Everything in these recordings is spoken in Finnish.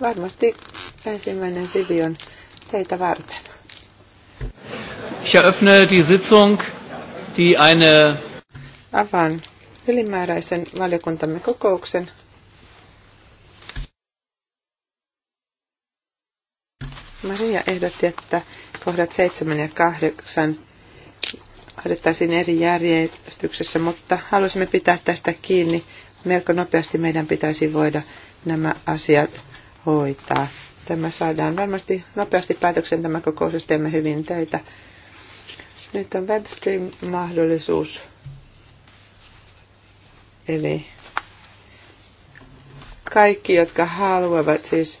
Varmasti ensimmäinen rivi on teitä varten. Ich eröffne die Sitzung, die eine... Avaan ylimääräisen valiokuntamme kokouksen. Maria ehdotti, että kohdat 7 ja 8 hoidettaisiin eri järjestyksessä, mutta halusimme pitää tästä kiinni. Melko nopeasti meidän pitäisi voida nämä asiat hoitaa. Tämä saadaan varmasti nopeasti päätöksen tämä kokous, jos teemme hyvin töitä. Nyt on Webstream-mahdollisuus. Eli kaikki, jotka haluavat siis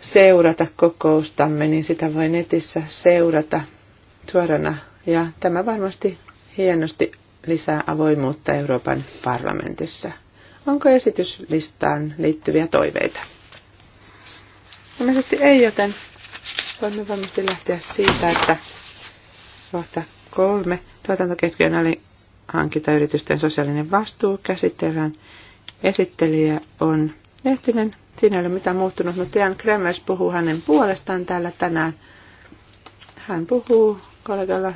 seurata kokoustamme, niin sitä voi netissä seurata suorana. Ja tämä varmasti hienosti lisää avoimuutta Euroopan parlamentissa. Onko esityslistaan liittyviä toiveita? Ilmeisesti ei, joten voimme varmasti lähteä siitä, että kohta kolme tuotantoketjujen Hankintayritysten sosiaalinen vastuu käsitellään. Esittelijä on Lehtinen. Siinä ei ole mitään muuttunut, mutta Jan Kremers puhuu hänen puolestaan täällä tänään. Hän puhuu kollegalla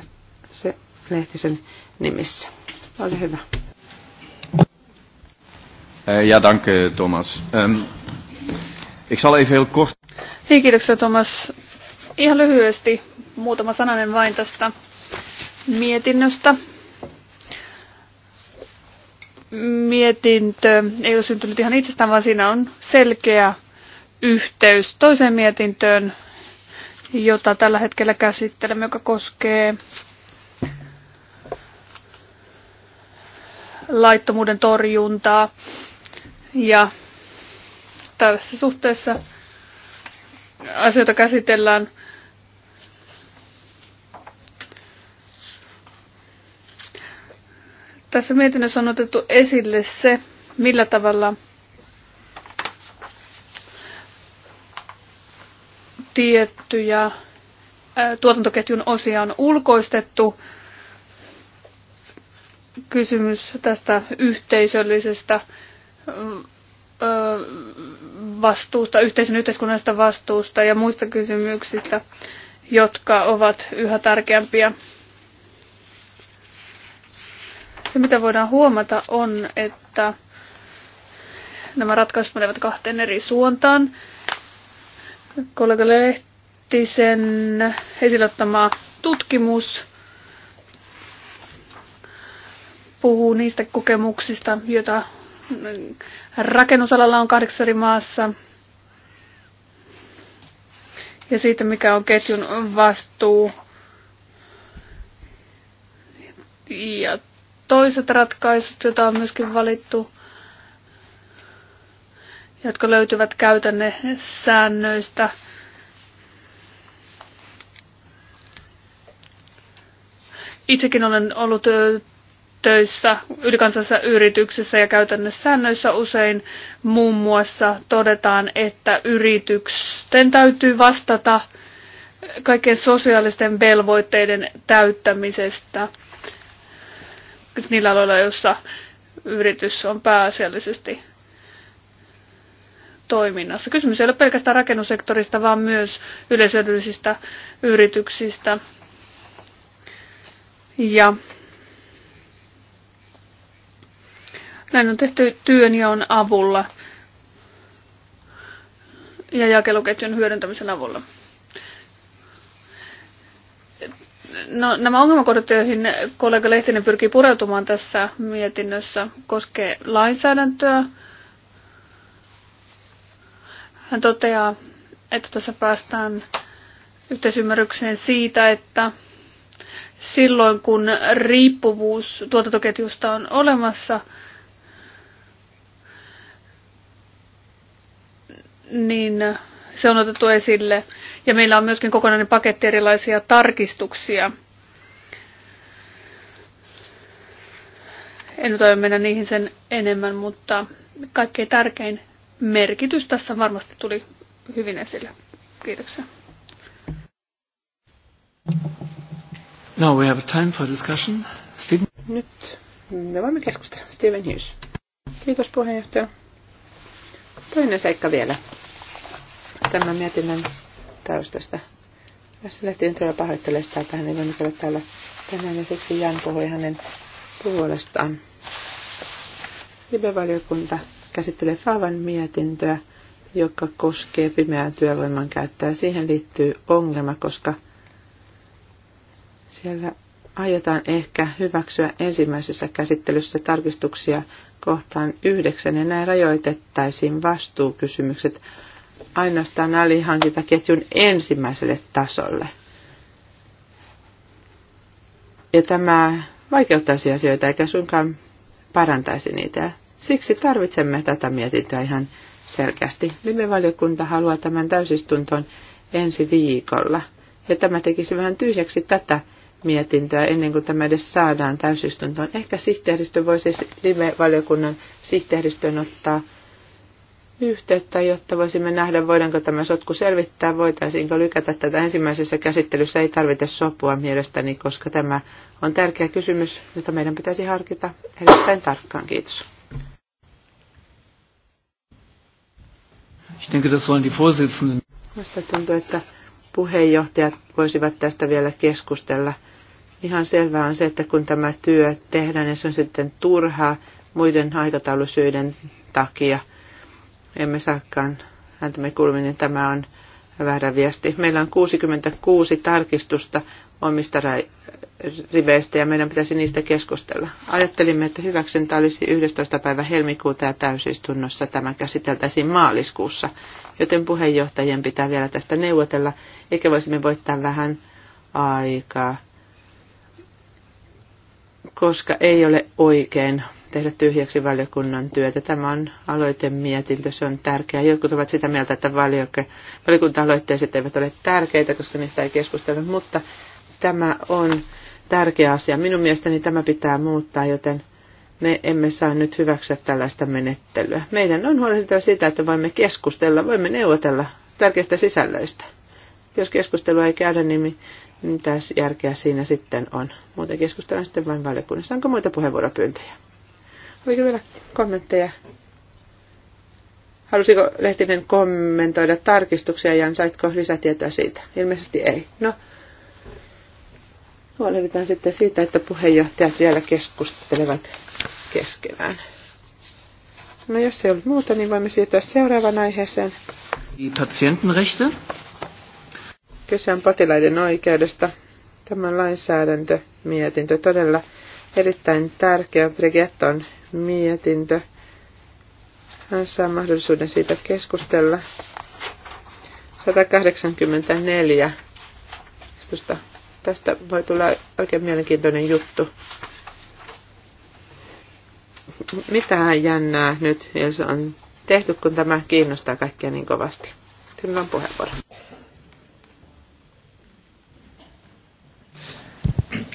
se Lehtisen nimissä. Ole hyvä. Uh, ja, dank uh, Thomas. Um, ik zal even heel kort... Hei, kiitoksia Thomas. Ihan lyhyesti muutama sananen vain tästä mietinnöstä. Mietintö ei ole syntynyt ihan itsestään, vaan siinä on selkeä yhteys toiseen mietintöön, jota tällä hetkellä käsittelemme, joka koskee laittomuuden torjuntaa ja tässä suhteessa asioita käsitellään Tässä mietinnössä on otettu esille se, millä tavalla tiettyjä tuotantoketjun osia on ulkoistettu. Kysymys tästä yhteisöllisestä vastuusta, yhteisen yhteiskunnallisesta vastuusta ja muista kysymyksistä, jotka ovat yhä tärkeämpiä. Se, mitä voidaan huomata, on, että nämä ratkaisut menevät kahteen eri suuntaan. Kollega Lehtisen esilottama tutkimus puhuu niistä kokemuksista, joita Rakennusalalla on kahdeksan eri maassa. Ja siitä, mikä on ketjun vastuu. Ja toiset ratkaisut, joita on myöskin valittu, jotka löytyvät käytänne säännöistä. Itsekin olen ollut töissä ylikansallisessa yrityksissä ja käytännössä säännöissä usein muun muassa todetaan, että yritysten täytyy vastata kaikkien sosiaalisten velvoitteiden täyttämisestä niillä aloilla, joissa yritys on pääasiallisesti toiminnassa. Kysymys ei ole pelkästään rakennussektorista, vaan myös yleisöllisistä yrityksistä. Ja Näin on tehty työn ja on avulla ja jakeluketjun hyödyntämisen avulla. No, nämä ongelmakohdat, joihin kollega Lehtinen pyrkii pureutumaan tässä mietinnössä, koskee lainsäädäntöä. Hän toteaa, että tässä päästään yhteisymmärrykseen siitä, että silloin kun riippuvuus tuotantoketjusta on olemassa, niin se on otettu esille. Ja meillä on myöskin kokonainen paketti erilaisia tarkistuksia. En nyt mennä niihin sen enemmän, mutta kaikkein tärkein merkitys tässä varmasti tuli hyvin esille. Kiitoksia. Now we have time for discussion. Steven. Nyt me voimme keskustella. Steven Hughes. Kiitos puheenjohtaja. Toinen seikka vielä tämän mietinnön taustasta. Tässä lähtien todella pahoittelee sitä, että hän ei voinut olla täällä tänään ja niin siksi Jan puhui hänen puolestaan. Libevaliokunta käsittelee Faavan mietintöä, joka koskee pimeää työvoiman käyttöä. Siihen liittyy ongelma, koska siellä aiotaan ehkä hyväksyä ensimmäisessä käsittelyssä tarkistuksia kohtaan yhdeksän enää rajoitettaisiin vastuukysymykset ainoastaan alihankintaketjun ensimmäiselle tasolle. Ja tämä vaikeuttaisi asioita eikä suinkaan parantaisi niitä. Siksi tarvitsemme tätä mietintöä ihan selkeästi. Live-valiokunta haluaa tämän täysistuntoon ensi viikolla. Ja tämä tekisi vähän tyhjäksi tätä mietintöä ennen kuin tämä edes saadaan täysistuntoon. Ehkä sihteeristö voisi live-valiokunnan sihteeristön ottaa yhteyttä, jotta voisimme nähdä, voidaanko tämä sotku selvittää, voitaisiinko lykätä tätä ensimmäisessä käsittelyssä. Ei tarvita sopua mielestäni, koska tämä on tärkeä kysymys, jota meidän pitäisi harkita erittäin tarkkaan. Kiitos. Ich denke, das sollen die Vorsitzenden. tuntuu, että puheenjohtajat voisivat tästä vielä keskustella. Ihan selvää on se, että kun tämä työ tehdään niin se on sitten turhaa muiden aikataulusyiden takia, emme saakaan me kulmiin, niin tämä on väärä viesti. Meillä on 66 tarkistusta omista riveistä ja meidän pitäisi niistä keskustella. Ajattelimme, että hyväksyntä olisi 11. päivä helmikuuta ja täysistunnossa tämä käsiteltäisiin maaliskuussa joten puheenjohtajien pitää vielä tästä neuvotella, eikä voisimme voittaa vähän aikaa, koska ei ole oikein tehdä tyhjäksi valiokunnan työtä. Tämä on mietintö, se on tärkeää. Jotkut ovat sitä mieltä, että valiokunta-aloitteiset eivät ole tärkeitä, koska niistä ei keskustella, mutta tämä on tärkeä asia. Minun mielestäni tämä pitää muuttaa, joten me emme saa nyt hyväksyä tällaista menettelyä. Meidän on huolehdittava sitä, että voimme keskustella, voimme neuvotella tärkeistä sisällöistä. Jos keskustelua ei käydä, niin mitä niin järkeä siinä sitten on? Muuten keskustellaan sitten vain valiokunnassa. Onko muita puheenvuoropyyntöjä? Oliko vielä kommentteja? Halusiko Lehtinen kommentoida tarkistuksia ja saitko lisätietoa siitä? Ilmeisesti ei. No, huolehditaan sitten siitä, että puheenjohtajat vielä keskustelevat keskenään. No jos ei ollut muuta, niin voimme siirtyä seuraavaan aiheeseen. Patientenrechte. Kyse on potilaiden oikeudesta. Tämä lainsäädäntömietintö todella erittäin tärkeä Brigetton mietintö. Hän saa mahdollisuuden siitä keskustella. 184. Tästä voi tulla oikein mielenkiintoinen juttu mitä jännää nyt, jos on tehty, kun tämä kiinnostaa kaikkia niin kovasti. Sinulla on puheenvuoro.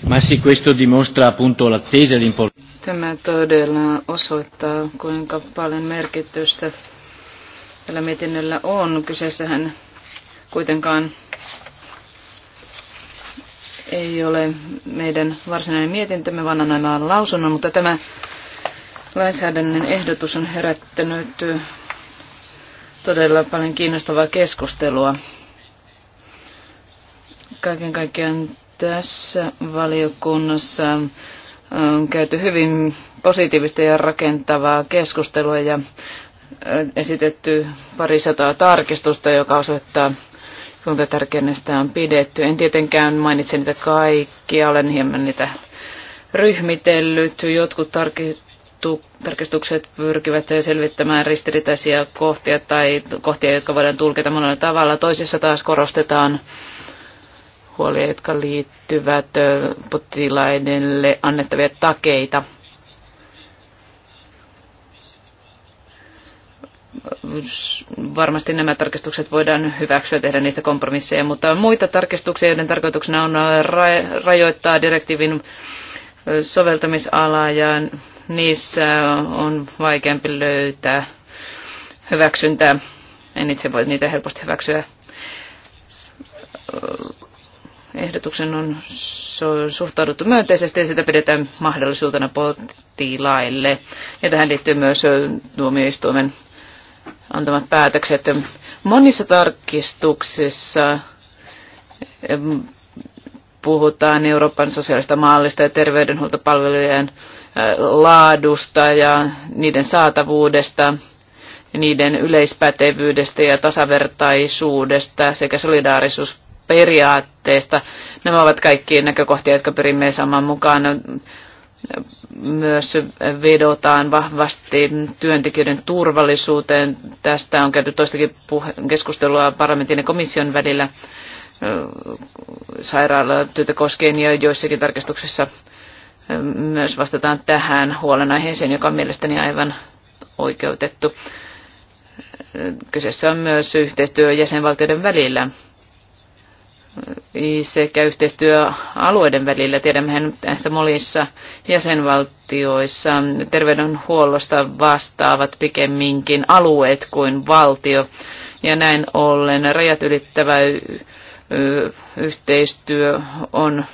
Massi questo dimostra appunto l'attesa e Tämä todella osoittaa, kuinka paljon merkitystä tällä mietinnöllä on. Kyseessähän kuitenkaan ei ole meidän varsinainen mietintömme, vaan aina lausunnon, mutta tämä lainsäädännön ehdotus on herättänyt todella paljon kiinnostavaa keskustelua. Kaiken kaikkiaan tässä valiokunnassa on käyty hyvin positiivista ja rakentavaa keskustelua ja esitetty pari sataa tarkistusta, joka osoittaa, kuinka tärkeänä sitä on pidetty. En tietenkään mainitse niitä kaikkia, olen hieman niitä ryhmitellyt. Jotkut tarki- tarkistukset pyrkivät selvittämään ristiriitaisia kohtia tai kohtia, jotka voidaan tulkita monella tavalla. Toisissa taas korostetaan huolia, jotka liittyvät potilaille annettavia takeita. varmasti nämä tarkistukset voidaan hyväksyä tehdä niistä kompromisseja, mutta on muita tarkistuksia, joiden tarkoituksena on rajoittaa direktiivin soveltamisalaa ja niissä on vaikeampi löytää hyväksyntää. En itse voi niitä helposti hyväksyä. Ehdotuksen on suhtauduttu myönteisesti ja sitä pidetään mahdollisuutena potilaille. Ja tähän liittyy myös tuomioistuimen antamat päätökset. Monissa tarkistuksissa puhutaan Euroopan sosiaalista mallista ja terveydenhuoltopalvelujen laadusta ja niiden saatavuudesta, niiden yleispätevyydestä ja tasavertaisuudesta sekä solidaarisuusperiaatteesta. Nämä ovat kaikki näkökohtia, jotka pyrimme saamaan mukaan. Myös vedotaan vahvasti työntekijöiden turvallisuuteen. Tästä on käyty toistakin keskustelua parlamentin ja komission välillä sairaalatyötä koskien ja joissakin tarkastuksissa myös vastataan tähän huolenaiheeseen, joka on mielestäni aivan oikeutettu. Kyseessä on myös yhteistyö jäsenvaltioiden välillä sekä yhteistyö alueiden välillä. tiedämme, että molissa jäsenvaltioissa terveydenhuollosta vastaavat pikemminkin alueet kuin valtio. Ja näin ollen rajat ylittävä yhteistyö on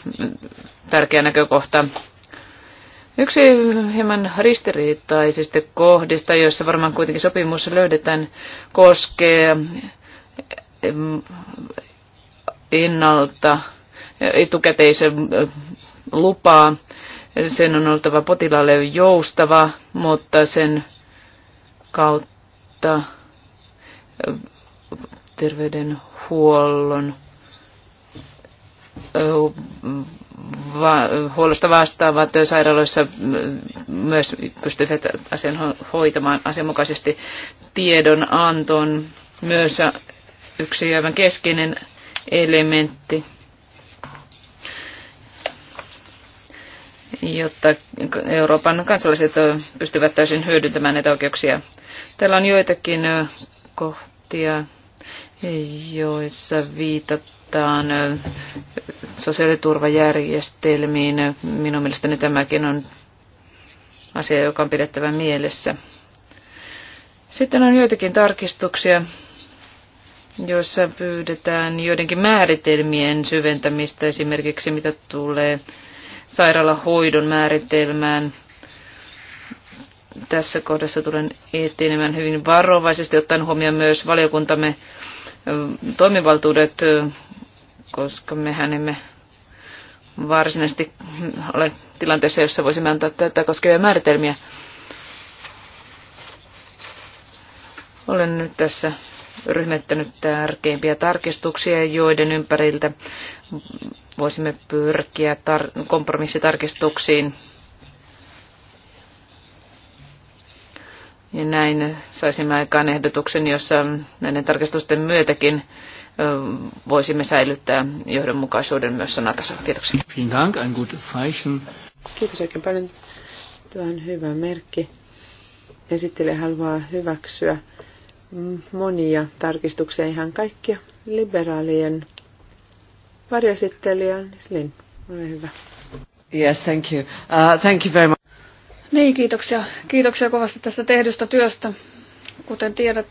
tärkeä näkökohta Yksi hieman ristiriitaisista kohdista, joissa varmaan kuitenkin sopimus löydetään, koskee innalta etukäteisen lupaa. Sen on oltava potilaalle joustava, mutta sen kautta terveydenhuollon va- huollosta vastaavat sairaaloissa myös pystyvät asian hoitamaan asianmukaisesti. Tiedonanto myös yksi aivan keskeinen elementti, jotta Euroopan kansalaiset pystyvät täysin hyödyntämään näitä oikeuksia. Täällä on joitakin kohtia, joissa viitataan viittaan sosiaaliturvajärjestelmiin. Minun mielestäni tämäkin on asia, joka on pidettävä mielessä. Sitten on joitakin tarkistuksia, joissa pyydetään joidenkin määritelmien syventämistä, esimerkiksi mitä tulee sairaalahoidon määritelmään. Tässä kohdassa tulen etenemään hyvin varovaisesti, ottaen huomioon myös valiokuntamme toimivaltuudet koska mehän emme varsinaisesti ole tilanteessa, jossa voisimme antaa tätä koskevia määritelmiä. Olen nyt tässä ryhmettänyt tärkeimpiä tarkistuksia, joiden ympäriltä voisimme pyrkiä tar- kompromissitarkistuksiin. Ja näin saisimme aikaan ehdotuksen, jossa näiden tarkistusten myötäkin voisimme säilyttää johdonmukaisuuden myös sanatasolla. Kiitoksia. Kiitos oikein paljon. Tuo on hyvä merkki. Esittelijä haluaa hyväksyä monia tarkistuksia, ihan kaikkia liberaalien varjoesittelijä. Slin, ole hyvä. Yes, thank you. Uh, thank you very much. Niin, kiitoksia. Kiitoksia kovasti tästä tehdystä työstä. Kuten tiedät,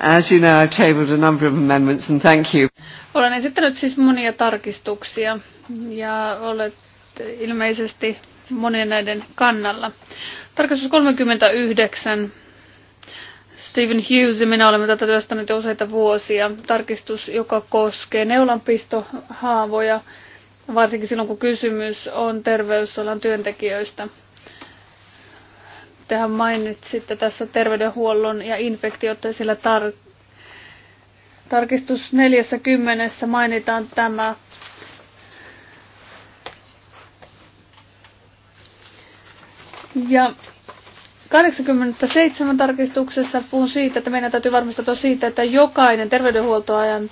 As you know, I've tabled a number of amendments and thank you. Olen esittänyt siis monia tarkistuksia ja olet ilmeisesti monien näiden kannalla. Tarkastus 39. Stephen Hughes ja minä olemme tätä työstäneet jo useita vuosia. Tarkistus, joka koskee neulanpistohaavoja, varsinkin silloin kun kysymys on terveysalan työntekijöistä. Tehän mainitsitte tässä terveydenhuollon ja infektiot, sillä tar- tarkistus 40 mainitaan tämä Ja 87 tarkistuksessa puhun siitä, että meidän täytyy varmistaa siitä, että jokainen terveydenhuoltoajan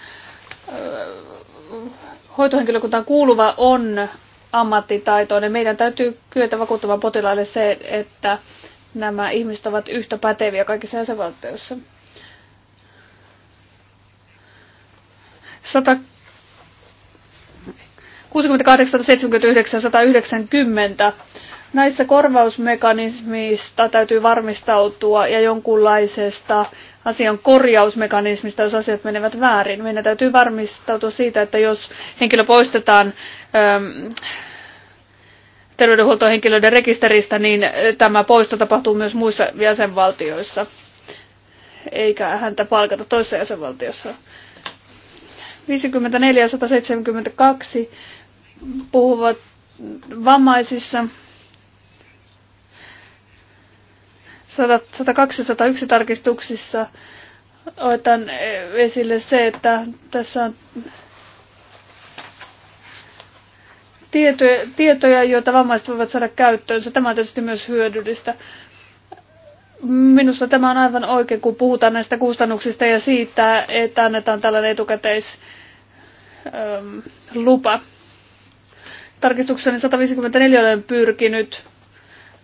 hoitohenkilökuntaan kuuluva on ammattitaitoinen. Meidän täytyy kyetä vakuuttamaan potilaille se, että nämä ihmiset ovat yhtä päteviä kaikissa jäsenvaltioissa. 168, 190. Näissä korvausmekanismista täytyy varmistautua ja jonkunlaisesta asian korjausmekanismista, jos asiat menevät väärin. Meidän täytyy varmistautua siitä, että jos henkilö poistetaan terveydenhuoltohenkilöiden rekisteristä, niin tämä poisto tapahtuu myös muissa jäsenvaltioissa, eikä häntä palkata toisessa jäsenvaltiossa. 54 172 puhuvat vammaisissa. 102-101 tarkistuksissa otan esille se, että tässä on tietoja, tietoja, joita vammaiset voivat saada käyttöönsä. Tämä on tietysti myös hyödyllistä. Minusta tämä on aivan oikein, kun puhutaan näistä kustannuksista ja siitä, että annetaan tällainen etukäteislupa. Ähm, Tarkistukseni 154 olen pyrkinyt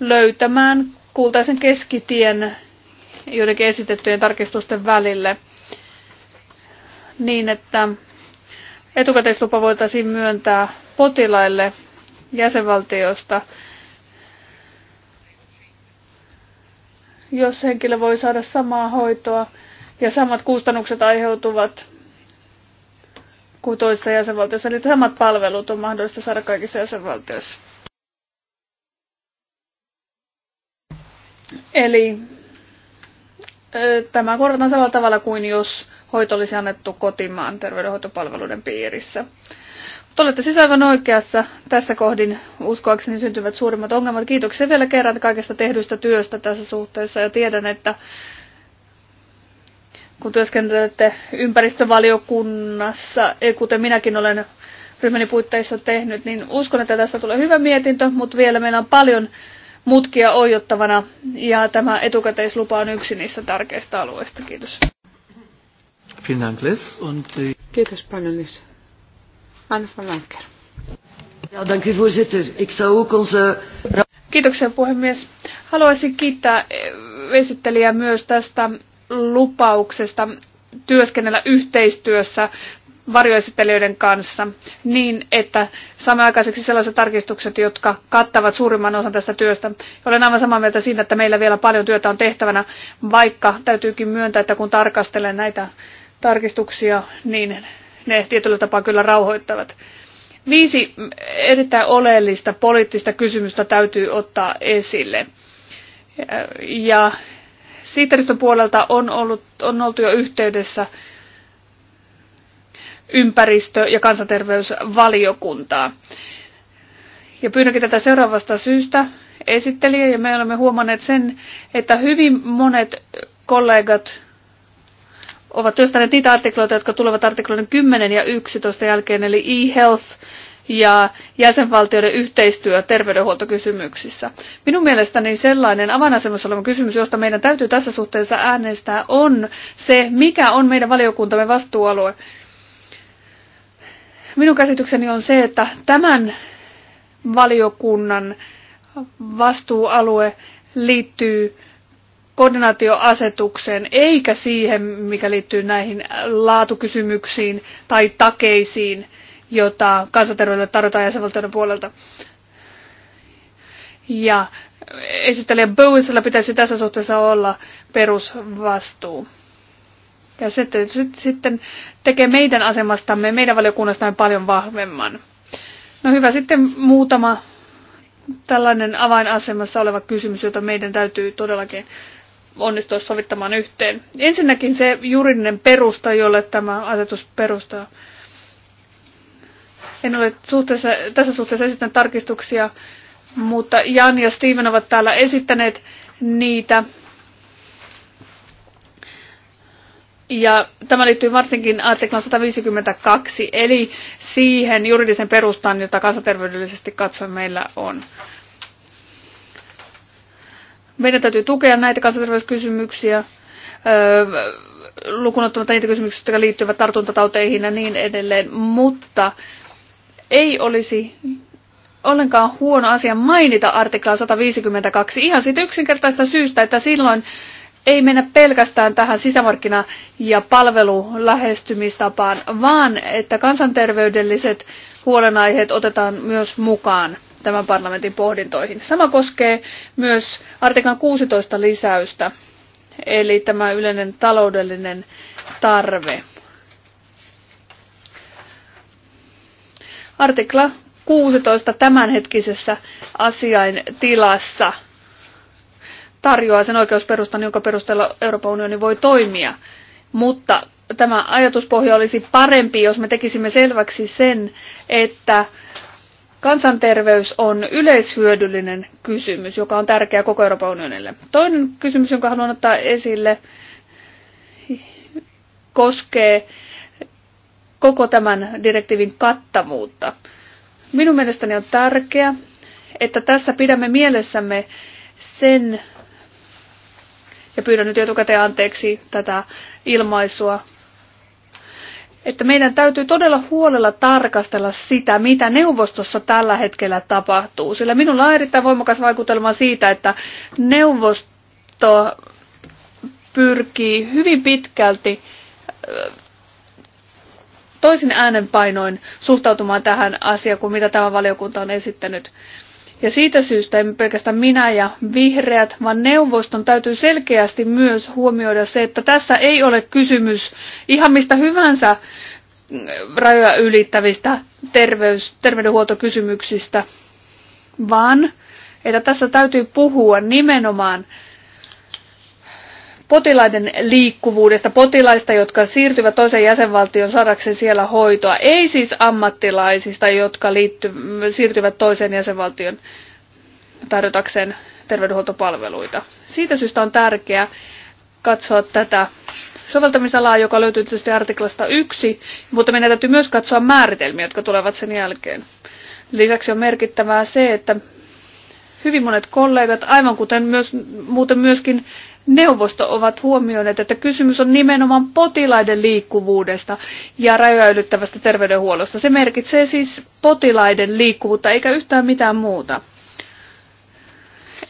löytämään kultaisen keskitien joidenkin esitettyjen tarkistusten välille niin, että etukäteislupa voitaisiin myöntää potilaille jäsenvaltiosta, jos henkilö voi saada samaa hoitoa ja samat kustannukset aiheutuvat kuin toisessa jäsenvaltiossa. Eli samat palvelut on mahdollista saada kaikissa jäsenvaltioissa. Eli tämä korvataan samalla tavalla kuin jos hoito olisi annettu kotimaan terveydenhoitopalveluiden piirissä. Te olette siis aivan oikeassa. Tässä kohdin uskoakseni syntyvät suurimmat ongelmat. Kiitoksia vielä kerran kaikesta tehdystä työstä tässä suhteessa ja tiedän, että kun työskentelette ympäristövaliokunnassa, kuten minäkin olen ryhmäni puitteissa tehnyt, niin uskon, että tästä tulee hyvä mietintö, mutta vielä meillä on paljon mutkia oiottavana ja tämä etukäteislupa on yksi niistä tärkeistä alueista. Kiitos. Kiitos panelissa. Anne van Lanker. Ja, dank u voorzitter. Ik zou ook onze... Kiitoksia puhemies. Haluaisin kiittää eh, esittelijää myös tästä lupauksesta työskennellä yhteistyössä varjoesittelijöiden kanssa niin, että saamme aikaiseksi sellaiset tarkistukset, jotka kattavat suurimman osan tästä työstä. Olen aivan samaa mieltä siitä, että meillä vielä paljon työtä on tehtävänä, vaikka täytyykin myöntää, että kun tarkastelen näitä tarkistuksia, niin ne tietyllä tapaa kyllä rauhoittavat. Viisi erittäin oleellista poliittista kysymystä täytyy ottaa esille. Ja siitäristön puolelta on, ollut, on oltu jo yhteydessä ympäristö- ja kansanterveysvaliokuntaa. Ja pyydänkin tätä seuraavasta syystä esittelijä, ja me olemme huomanneet sen, että hyvin monet kollegat ovat työstäneet niitä artikloita, jotka tulevat artikloiden 10 ja 11 jälkeen, eli e-health ja jäsenvaltioiden yhteistyö terveydenhuoltokysymyksissä. Minun mielestäni sellainen avainasemassa oleva kysymys, josta meidän täytyy tässä suhteessa äänestää, on se, mikä on meidän valiokuntamme vastuualue. Minun käsitykseni on se, että tämän valiokunnan vastuualue liittyy koordinaatioasetukseen eikä siihen, mikä liittyy näihin laatukysymyksiin tai takeisiin, jota kansanterveydelle tarjotaan jäsenvaltioiden puolelta. Ja esittelijä Bowisilla pitäisi tässä suhteessa olla perusvastuu. Ja se sitten tekee meidän asemastamme, meidän valiokunnastamme paljon vahvemman. No hyvä, sitten muutama tällainen avainasemassa oleva kysymys, jota meidän täytyy todellakin onnistua sovittamaan yhteen. Ensinnäkin se juridinen perusta, jolle tämä asetus perustaa. En ole suhteessa, tässä suhteessa esittänyt tarkistuksia, mutta Jan ja Steven ovat täällä esittäneet niitä. Ja tämä liittyy varsinkin artiklan 152, eli siihen juridisen perustaan, jota kansanterveydellisesti katsoen meillä on. Meidän täytyy tukea näitä kansanterveyskysymyksiä, lukunottamatta niitä kysymyksiä, jotka liittyvät tartuntatauteihin ja niin edelleen, mutta ei olisi ollenkaan huono asia mainita artiklaa 152 ihan siitä yksinkertaista syystä, että silloin ei mennä pelkästään tähän sisämarkkina- ja palvelulähestymistapaan, vaan että kansanterveydelliset huolenaiheet otetaan myös mukaan tämän parlamentin pohdintoihin. Sama koskee myös artiklan 16 lisäystä, eli tämä yleinen taloudellinen tarve. Artikla 16 tämänhetkisessä tilassa tarjoaa sen oikeusperustan, jonka perusteella Euroopan unioni voi toimia. Mutta tämä ajatuspohja olisi parempi, jos me tekisimme selväksi sen, että Kansanterveys on yleishyödyllinen kysymys, joka on tärkeä koko Euroopan unionille. Toinen kysymys, jonka haluan ottaa esille, koskee koko tämän direktiivin kattavuutta. Minun mielestäni on tärkeää, että tässä pidämme mielessämme sen, ja pyydän nyt etukäteen anteeksi tätä ilmaisua, että meidän täytyy todella huolella tarkastella sitä, mitä neuvostossa tällä hetkellä tapahtuu. Sillä minulla on erittäin voimakas vaikutelma siitä, että neuvosto pyrkii hyvin pitkälti toisin äänenpainoin suhtautumaan tähän asiaan kuin mitä tämä valiokunta on esittänyt. Ja siitä syystä emme pelkästään minä ja vihreät, vaan neuvoston täytyy selkeästi myös huomioida se, että tässä ei ole kysymys ihan mistä hyvänsä rajoja ylittävistä terveys, terveydenhuoltokysymyksistä, vaan että tässä täytyy puhua nimenomaan potilaiden liikkuvuudesta, potilaista, jotka siirtyvät toiseen jäsenvaltioon saadakseen siellä hoitoa. Ei siis ammattilaisista, jotka liitty, siirtyvät toiseen jäsenvaltioon tarjotakseen terveydenhuoltopalveluita. Siitä syystä on tärkeää katsoa tätä soveltamisalaa, joka löytyy tietysti artiklasta 1, mutta meidän täytyy myös katsoa määritelmiä, jotka tulevat sen jälkeen. Lisäksi on merkittävää se, että hyvin monet kollegat, aivan kuten myös, muuten myöskin neuvosto ovat huomioineet, että kysymys on nimenomaan potilaiden liikkuvuudesta ja rajoja ylittävästä terveydenhuollosta. Se merkitsee siis potilaiden liikkuvuutta eikä yhtään mitään muuta.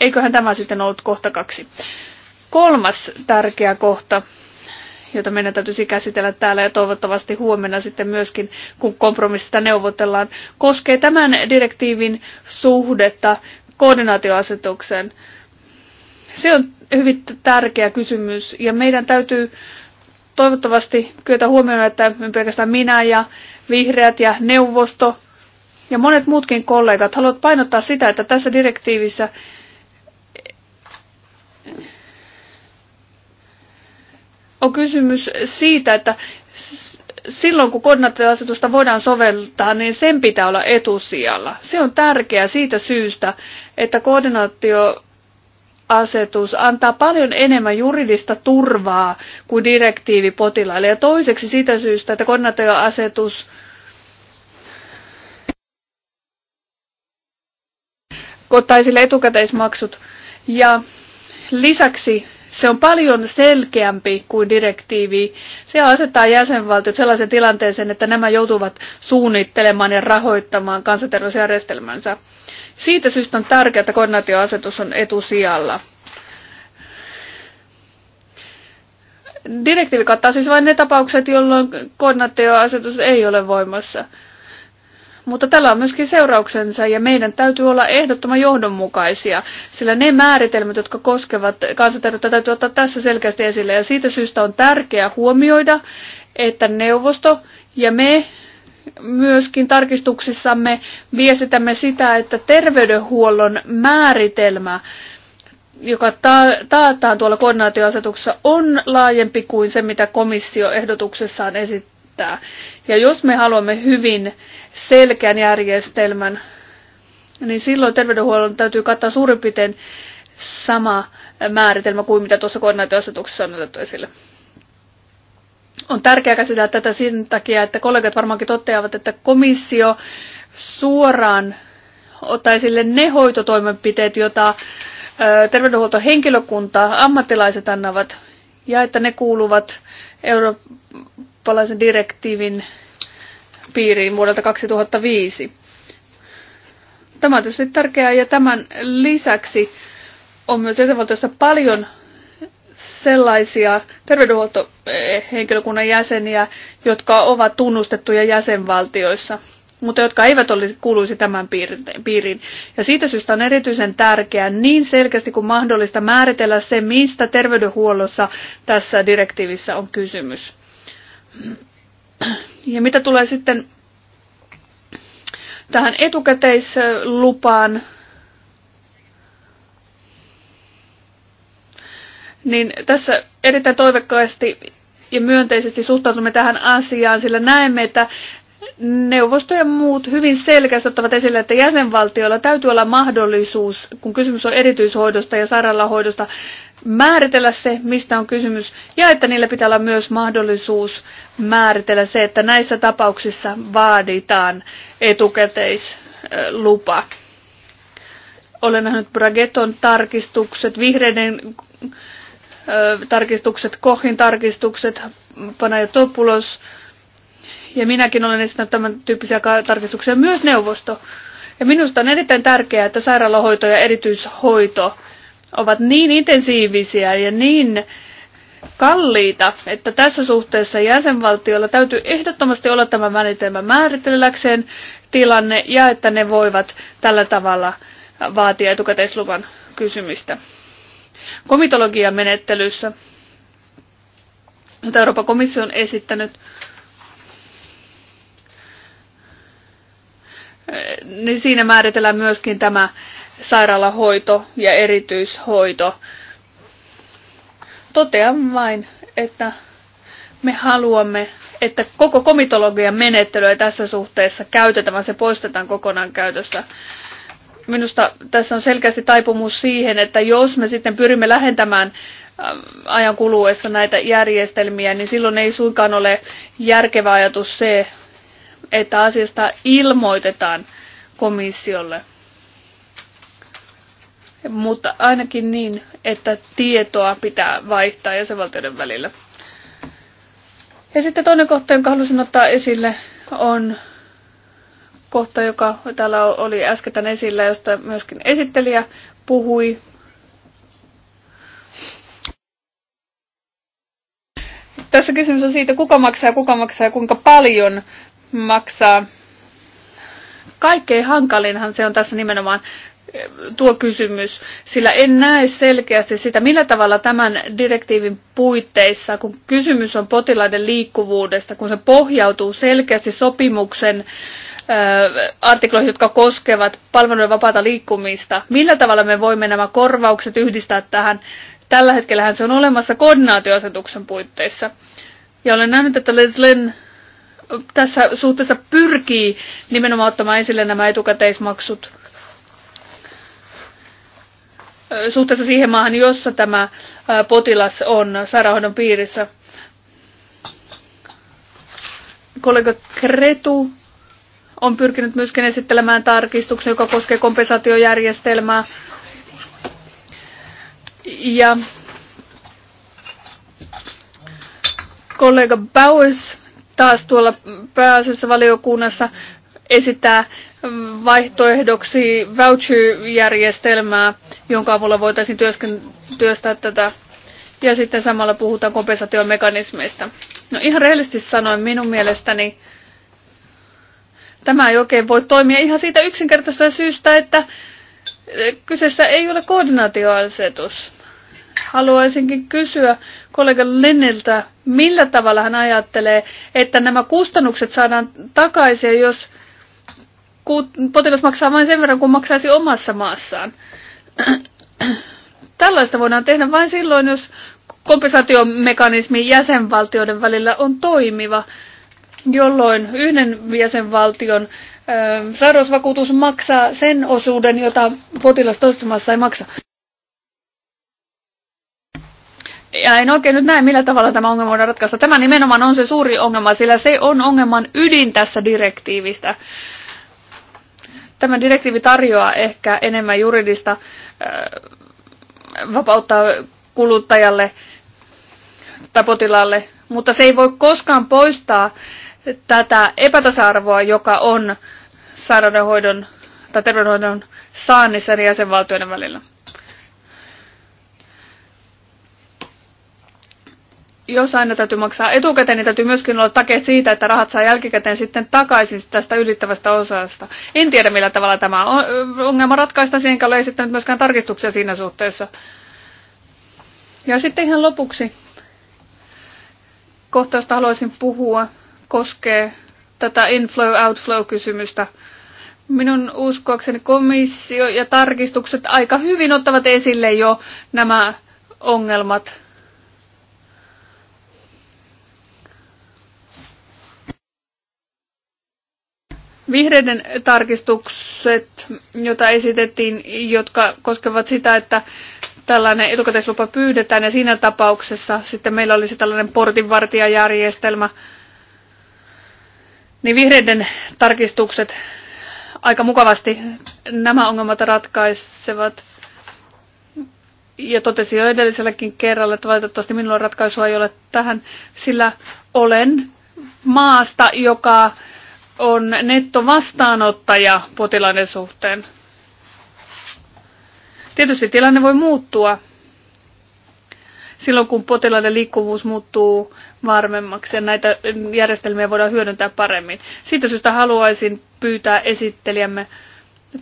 Eiköhän tämä sitten ollut kohta kaksi. Kolmas tärkeä kohta, jota meidän täytyisi käsitellä täällä ja toivottavasti huomenna sitten myöskin, kun kompromissista neuvotellaan, koskee tämän direktiivin suhdetta koordinaatioasetukseen. Se on hyvin tärkeä kysymys ja meidän täytyy toivottavasti kyetä huomioon, että pelkästään minä ja vihreät ja neuvosto ja monet muutkin kollegat haluavat painottaa sitä, että tässä direktiivissä on kysymys siitä, että silloin kun koordinaatioasetusta voidaan soveltaa, niin sen pitää olla etusijalla. Se on tärkeää siitä syystä, että koordinaatio asetus antaa paljon enemmän juridista turvaa kuin direktiivi potilaille. Ja toiseksi siitä syystä, että asetus ottaa sille etukäteismaksut. Ja lisäksi se on paljon selkeämpi kuin direktiivi. Se asettaa jäsenvaltiot sellaisen tilanteeseen, että nämä joutuvat suunnittelemaan ja rahoittamaan kansanterveysjärjestelmänsä. Siitä syystä on tärkeää, että koordinaatioasetus on etusijalla. Direktiivi kattaa siis vain ne tapaukset, jolloin koordinaatioasetus ei ole voimassa. Mutta tällä on myöskin seurauksensa ja meidän täytyy olla ehdottoman johdonmukaisia, sillä ne määritelmät, jotka koskevat kansanterveyttä, täytyy ottaa tässä selkeästi esille. Ja siitä syystä on tärkeää huomioida, että neuvosto ja me myöskin tarkistuksissamme viestitämme sitä, että terveydenhuollon määritelmä, joka ta- taataan tuolla koordinaatioasetuksessa, on laajempi kuin se, mitä komissio ehdotuksessaan esittää. Ja jos me haluamme hyvin selkeän järjestelmän, niin silloin terveydenhuollon täytyy kattaa suurin piirtein sama määritelmä kuin mitä tuossa koordinaatioasetuksessa on otettu esille. On tärkeää käsitellä tätä sen takia, että kollegat varmaankin toteavat, että komissio suoraan ottaa esille ne hoitotoimenpiteet, joita terveydenhuoltohenkilökunta, ammattilaiset annavat, ja että ne kuuluvat eurooppalaisen direktiivin piiriin vuodelta 2005. Tämä on tietysti tärkeää, ja tämän lisäksi on myös jäsenvaltiossa paljon sellaisia terveydenhuoltohenkilökunnan jäseniä, jotka ovat tunnustettuja jäsenvaltioissa, mutta jotka eivät olisi, kuuluisi tämän piiriin. Ja siitä syystä on erityisen tärkeää niin selkeästi kuin mahdollista määritellä se, mistä terveydenhuollossa tässä direktiivissä on kysymys. Ja mitä tulee sitten tähän etukäteislupaan, niin tässä erittäin toivekkaasti ja myönteisesti suhtautumme tähän asiaan, sillä näemme, että neuvosto ja muut hyvin selkeästi ottavat esille, että jäsenvaltioilla täytyy olla mahdollisuus, kun kysymys on erityishoidosta ja sairaalahoidosta, määritellä se, mistä on kysymys, ja että niillä pitää olla myös mahdollisuus määritellä se, että näissä tapauksissa vaaditaan etukäteislupa. Olen nähnyt Brageton tarkistukset, vihreiden tarkistukset, Kohin tarkistukset, Panaja Topulos, ja minäkin olen esittänyt tämän tyyppisiä tarkistuksia, myös neuvosto. Ja minusta on erittäin tärkeää, että sairaalahoito ja erityishoito ovat niin intensiivisiä ja niin kalliita, että tässä suhteessa jäsenvaltiolla täytyy ehdottomasti olla tämä välitelmä määritelläkseen tilanne ja että ne voivat tällä tavalla vaatia etukäteisluvan kysymistä komitologiamenettelyssä, menettelyssä, jota Euroopan komissio on esittänyt, niin siinä määritellään myöskin tämä sairaalahoito ja erityishoito. Totean vain, että me haluamme, että koko komitologian menettelyä tässä suhteessa käytetään, vaan se poistetaan kokonaan käytöstä minusta tässä on selkeästi taipumus siihen, että jos me sitten pyrimme lähentämään äh, ajan kuluessa näitä järjestelmiä, niin silloin ei suinkaan ole järkevä ajatus se, että asiasta ilmoitetaan komissiolle. Mutta ainakin niin, että tietoa pitää vaihtaa jäsenvaltioiden välillä. Ja sitten toinen kohta, jonka halusin ottaa esille, on kohta, joka täällä oli äsken esillä, josta myöskin esittelijä puhui. Tässä kysymys on siitä, kuka maksaa, kuka maksaa ja kuinka paljon maksaa. Kaikkein hankalinhan se on tässä nimenomaan eh, tuo kysymys, sillä en näe selkeästi sitä, millä tavalla tämän direktiivin puitteissa, kun kysymys on potilaiden liikkuvuudesta, kun se pohjautuu selkeästi sopimuksen äh, artikloihin, jotka koskevat palveluiden vapaata liikkumista. Millä tavalla me voimme nämä korvaukset yhdistää tähän? Tällä hetkellähän se on olemassa koordinaatioasetuksen puitteissa. Ja olen nähnyt, että Leslin tässä suhteessa pyrkii nimenomaan ottamaan esille nämä etukäteismaksut suhteessa siihen maahan, jossa tämä potilas on sairaanhoidon piirissä. Kollega Kretu on pyrkinyt myöskin esittelemään tarkistuksen, joka koskee kompensaatiojärjestelmää. Ja kollega Baues taas tuolla pääasiassa valiokunnassa esittää vaihtoehdoksi voucher-järjestelmää, jonka avulla voitaisiin työstää tätä. Ja sitten samalla puhutaan kompensaatiomekanismeista. No ihan rehellisesti sanoen minun mielestäni Tämä ei oikein voi toimia ihan siitä yksinkertaisesta syystä, että eh, kyseessä ei ole koordinaatioasetus. Haluaisinkin kysyä kollega Lenneltä, millä tavalla hän ajattelee, että nämä kustannukset saadaan takaisin, jos potilas maksaa vain sen verran kuin maksaisi omassa maassaan. Tällaista voidaan tehdä vain silloin, jos kompensaatiomekanismi jäsenvaltioiden välillä on toimiva jolloin yhden jäsenvaltion ö, sairausvakuutus maksaa sen osuuden, jota potilas toisessa maassa ei maksa. Ja en oikein nyt näe, millä tavalla tämä ongelma voidaan ratkaista. Tämä nimenomaan on se suuri ongelma, sillä se on ongelman ydin tässä direktiivistä. Tämä direktiivi tarjoaa ehkä enemmän juridista vapautta kuluttajalle tai potilaalle, mutta se ei voi koskaan poistaa tätä epätasa-arvoa, joka on sairaudenhoidon tai terveydenhoidon saannissa eri jäsenvaltioiden välillä. Jos aina täytyy maksaa etukäteen, niin täytyy myöskin olla takeet siitä, että rahat saa jälkikäteen sitten takaisin tästä ylittävästä osasta. En tiedä, millä tavalla tämä ongelma ratkaistaan, enkä ole esittänyt myöskään tarkistuksia siinä suhteessa. Ja sitten ihan lopuksi kohta, josta haluaisin puhua, koskee tätä inflow-outflow-kysymystä. Minun uskoakseni komissio ja tarkistukset aika hyvin ottavat esille jo nämä ongelmat. Vihreiden tarkistukset, joita esitettiin, jotka koskevat sitä, että tällainen etukäteislupa pyydetään ja siinä tapauksessa sitten meillä olisi tällainen portinvartijajärjestelmä, järjestelmä niin vihreiden tarkistukset aika mukavasti nämä ongelmat ratkaisevat. Ja totesin jo edelliselläkin kerralla, että valitettavasti minulla ratkaisua ei ole tähän, sillä olen maasta, joka on netto vastaanottaja potilaiden suhteen. Tietysti tilanne voi muuttua silloin, kun potilaiden liikkuvuus muuttuu varmemmaksi ja näitä järjestelmiä voidaan hyödyntää paremmin. Siitä syystä haluaisin pyytää esittelijämme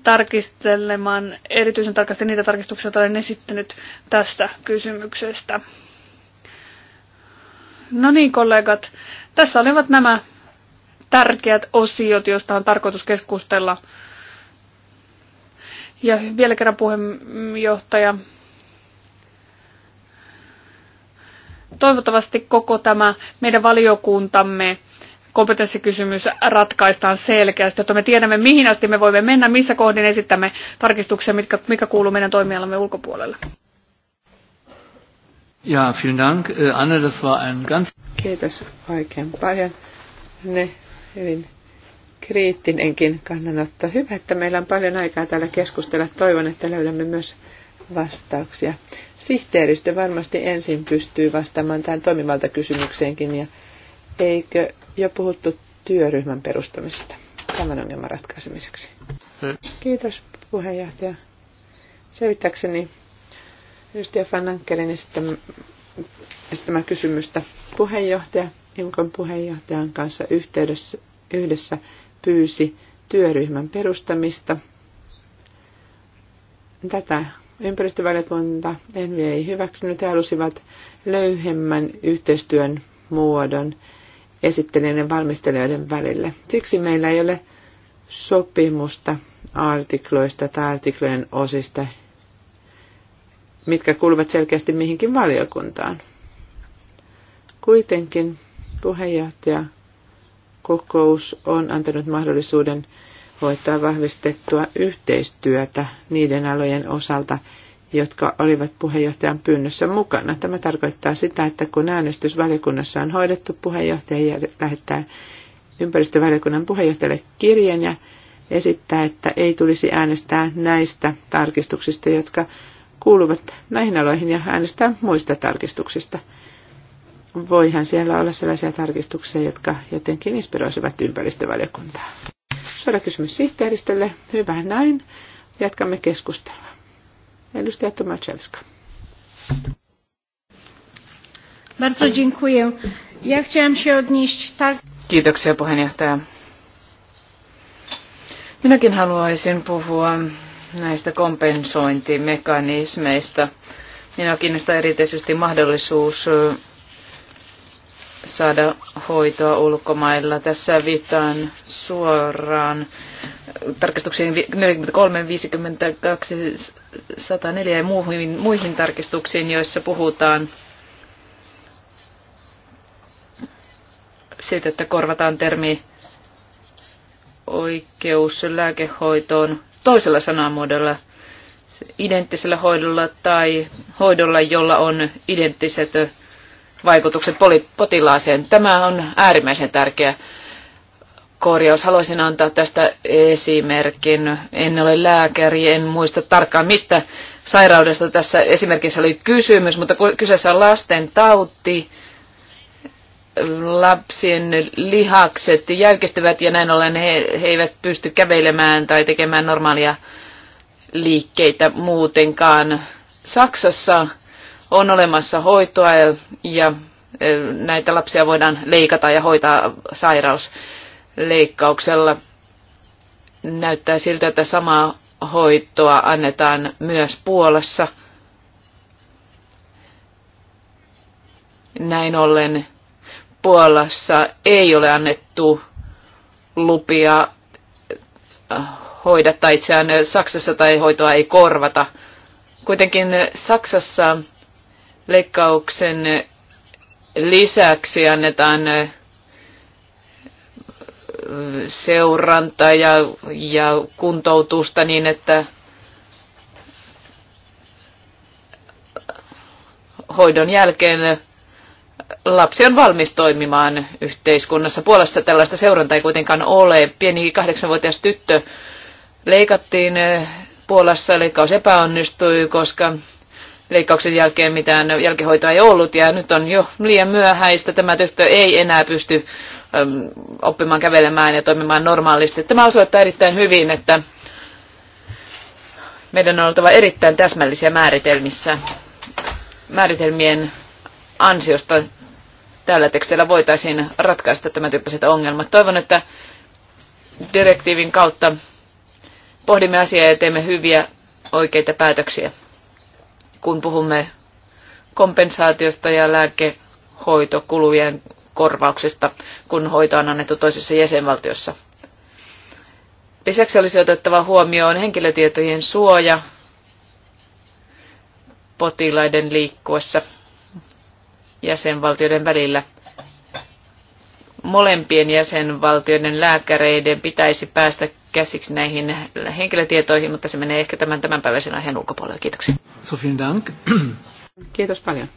tarkistelemaan erityisen tarkasti niitä tarkistuksia, joita olen esittänyt tästä kysymyksestä. No niin, kollegat. Tässä olivat nämä tärkeät osiot, joista on tarkoitus keskustella. Ja vielä kerran puheenjohtaja, Toivottavasti koko tämä meidän valiokuntamme kompetenssikysymys ratkaistaan selkeästi, jotta me tiedämme, mihin asti me voimme mennä, missä kohdin esittämme tarkistuksia, mitkä, mikä kuuluu meidän toimialamme ulkopuolelle. Ja, vielen Dank, äh, Anne, das war ein ganz... Kiitos oikein paljon. Ne hyvin kriittinenkin kannanotto. Hyvä, että meillä on paljon aikaa täällä keskustella. Toivon, että löydämme myös vastauksia sihteeristö varmasti ensin pystyy vastaamaan tähän toimivalta kysymykseenkin ja eikö jo puhuttu työryhmän perustamisesta tämän ongelman ratkaisemiseksi? Kiitos puheenjohtaja. Selvittääkseni edustaja Van Ankelin kysymystä puheenjohtaja, Imkon puheenjohtajan kanssa yhteydessä, yhdessä pyysi työryhmän perustamista. Tätä Ympäristövaliokunta Envi ei hyväksynyt. He halusivat löyhemmän yhteistyön muodon esittelijöiden ja valmistelijoiden välille. Siksi meillä ei ole sopimusta artikloista tai artiklojen osista, mitkä kuuluvat selkeästi mihinkin valiokuntaan. Kuitenkin puheenjohtaja kokous on antanut mahdollisuuden hoitaa vahvistettua yhteistyötä niiden alojen osalta, jotka olivat puheenjohtajan pyynnössä mukana. Tämä tarkoittaa sitä, että kun äänestysvaliokunnassa on hoidettu, puheenjohtaja lähettää ympäristövaliokunnan puheenjohtajalle kirjeen ja esittää, että ei tulisi äänestää näistä tarkistuksista, jotka kuuluvat näihin aloihin ja äänestää muista tarkistuksista. Voihan siellä olla sellaisia tarkistuksia, jotka jotenkin inspiroisivat ympäristövaliokuntaa. Suora kysymys sihteeristölle. Hyvä näin. Jatkamme keskustelua. Edustaja Tomaszewska. Bardzo dziękuję. Ja chciałem się odnieść tak... Kiitoksia puheenjohtaja. Minäkin haluaisin puhua näistä kompensointimekanismeista. Minua kiinnostaa erityisesti mahdollisuus saada hoitoa ulkomailla. Tässä viittaan suoraan tarkistuksiin 43, 52, 104 ja muihin, muihin tarkistuksiin, joissa puhutaan siitä, että korvataan termi oikeus lääkehoitoon toisella sanamuodolla, identtisellä hoidolla tai hoidolla, jolla on identtiset vaikutukset potilaaseen. Tämä on äärimmäisen tärkeä korjaus. Haluaisin antaa tästä esimerkin. En ole lääkäri, en muista tarkkaan mistä sairaudesta tässä esimerkissä oli kysymys, mutta kyseessä on lasten tauti. Lapsien lihakset jäykistyvät ja näin ollen he, he eivät pysty kävelemään tai tekemään normaalia liikkeitä muutenkaan. Saksassa on olemassa hoitoa ja e, näitä lapsia voidaan leikata ja hoitaa sairausleikkauksella. Näyttää siltä, että samaa hoitoa annetaan myös Puolassa. Näin ollen Puolassa ei ole annettu lupia hoidata itseään Saksassa tai hoitoa ei korvata. Kuitenkin Saksassa leikkauksen lisäksi annetaan seuranta ja, ja kuntoutusta niin, että hoidon jälkeen lapsi on valmis toimimaan yhteiskunnassa. Puolessa tällaista seurantaa ei kuitenkaan ole. Pieni kahdeksanvuotias tyttö leikattiin Puolassa, leikkaus epäonnistui, koska leikkauksen jälkeen mitään jälkihoitoa ei ollut ja nyt on jo liian myöhäistä. Tämä tyttö ei enää pysty oppimaan kävelemään ja toimimaan normaalisti. Tämä osoittaa erittäin hyvin, että meidän on oltava erittäin täsmällisiä määritelmissä. Määritelmien ansiosta tällä tekstillä voitaisiin ratkaista tämän tyyppiset ongelmat. Toivon, että direktiivin kautta pohdimme asiaa ja teemme hyviä oikeita päätöksiä kun puhumme kompensaatiosta ja lääkehoitokulujen korvauksista, kun hoito on annettu toisessa jäsenvaltiossa. Lisäksi olisi otettava huomioon henkilötietojen suoja potilaiden liikkuessa jäsenvaltioiden välillä. Molempien jäsenvaltioiden lääkäreiden pitäisi päästä käsiksi näihin henkilötietoihin, mutta se menee ehkä tämän tämänpäiväisen aiheen ulkopuolelle. Kiitoksia. So, dank. Kiitos paljon.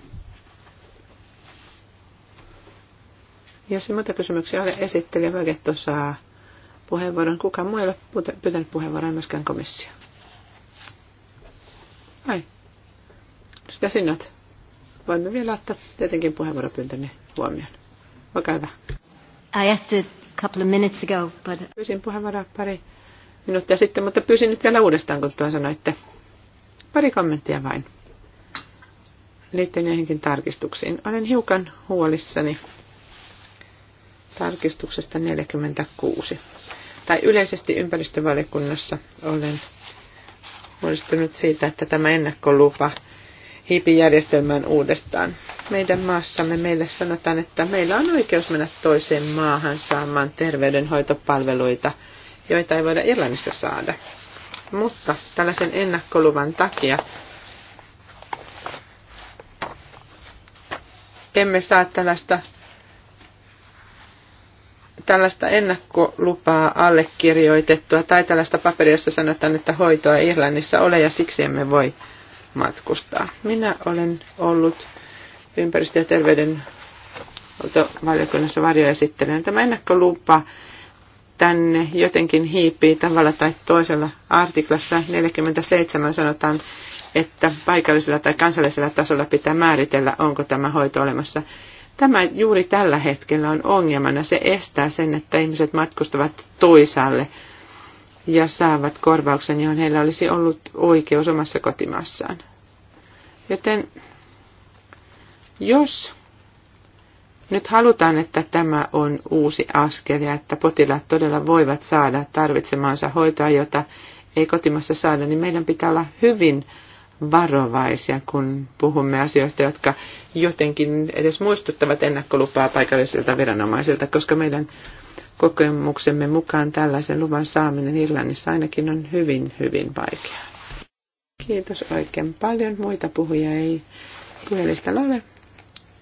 Jos ei muita kysymyksiä ole esittelijä, Vagetto saa puheenvuoron. Kukaan muu ei ole pyytänyt puheenvuoroa, myöskään komissio. Ai. Sitä sinnat. Voimme vielä ottaa tietenkin puheenvuoropyyntönne huomioon. Olkaa hyvä. I have to couple of minutes ago, but... Uh, pyysin puheenvuoroa pari minuuttia sitten, mutta pyysin nyt vielä uudestaan, kun tuon sanoitte. Pari kommenttia vain liittyen joihinkin tarkistuksiin. Olen hiukan huolissani tarkistuksesta 46. Tai yleisesti ympäristövaliokunnassa olen huolestunut siitä, että tämä ennakkolupa hiipi järjestelmään uudestaan meidän maassamme meille sanotaan, että meillä on oikeus mennä toiseen maahan saamaan terveydenhoitopalveluita, joita ei voida Irlannissa saada. Mutta tällaisen ennakkoluvan takia emme saa tällaista, tällaista ennakkolupaa allekirjoitettua tai tällaista paperia, jossa sanotaan, että hoitoa Irlannissa ole ja siksi emme voi matkustaa. Minä olen ollut ympäristö- ja terveydenhuoltovaliokunnassa varjoesittelen. Tämä ennakkolupa tänne jotenkin hiipii tavalla tai toisella. Artiklassa 47 sanotaan, että paikallisella tai kansallisella tasolla pitää määritellä, onko tämä hoito olemassa. Tämä juuri tällä hetkellä on ongelmana. Se estää sen, että ihmiset matkustavat toisaalle ja saavat korvauksen, johon heillä olisi ollut oikeus omassa kotimaassaan. Joten jos nyt halutaan, että tämä on uusi askel ja että potilaat todella voivat saada tarvitsemaansa hoitoa, jota ei kotimassa saada, niin meidän pitää olla hyvin varovaisia, kun puhumme asioista, jotka jotenkin edes muistuttavat ennakkolupaa paikallisilta viranomaisilta, koska meidän kokemuksemme mukaan tällaisen luvan saaminen Irlannissa ainakin on hyvin, hyvin vaikeaa. Kiitos oikein paljon. Muita puhuja ei puhelistalla ole.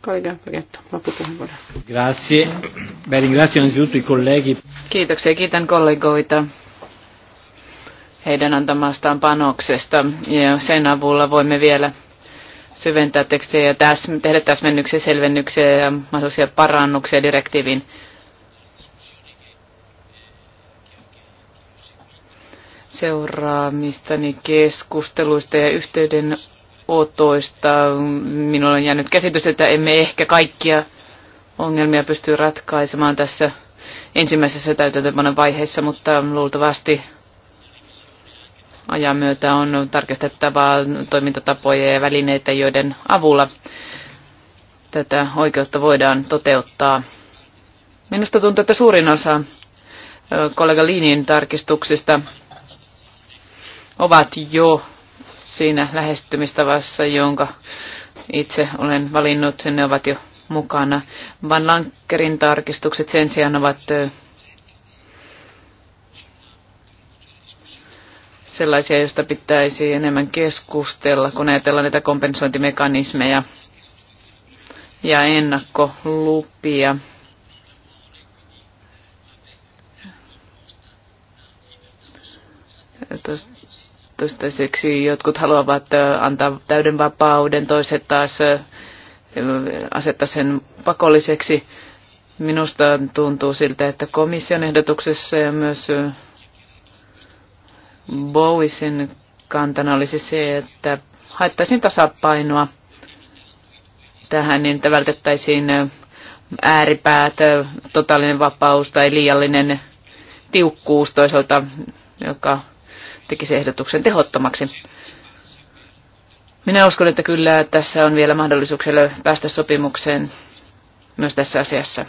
Kollega Pagetto, loppupuheenvuoro. Grazie. Beh, ringrazio innanzitutto i colleghi. Kiitoksia, kiitän kollegoita heidän antamastaan panoksesta ja sen avulla voimme vielä syventää tekstejä ja täs, tehdä täsmennyksiä, selvennyksiä ja mahdollisia parannuksia direktiivin. Seuraamistani keskusteluista ja yhteyden otoista. Minulla on jäänyt käsitys, että emme ehkä kaikkia ongelmia pysty ratkaisemaan tässä ensimmäisessä täytäntöpanon vaiheessa, mutta luultavasti ajan myötä on tarkistettavaa toimintatapoja ja välineitä, joiden avulla tätä oikeutta voidaan toteuttaa. Minusta tuntuu, että suurin osa kollega Liinin tarkistuksista ovat jo siinä lähestymistavassa, jonka itse olen valinnut. Ne ovat jo mukana. Van Lankerin tarkistukset sen sijaan ovat sellaisia, joista pitäisi enemmän keskustella, kun ajatellaan näitä kompensointimekanismeja ja ennakkolupia. Tuosta toistaiseksi jotkut haluavat antaa täyden vapauden, toiset taas asettaa sen pakolliseksi. Minusta tuntuu siltä, että komission ehdotuksessa ja myös Bowisin kantana olisi se, että haettaisiin tasapainoa tähän, niin että vältettäisiin ääripäät, totaalinen vapaus tai liiallinen tiukkuus toisaalta, joka tekisi ehdotuksen tehottomaksi. Minä uskon, että kyllä tässä on vielä mahdollisuuksia päästä sopimukseen myös tässä asiassa.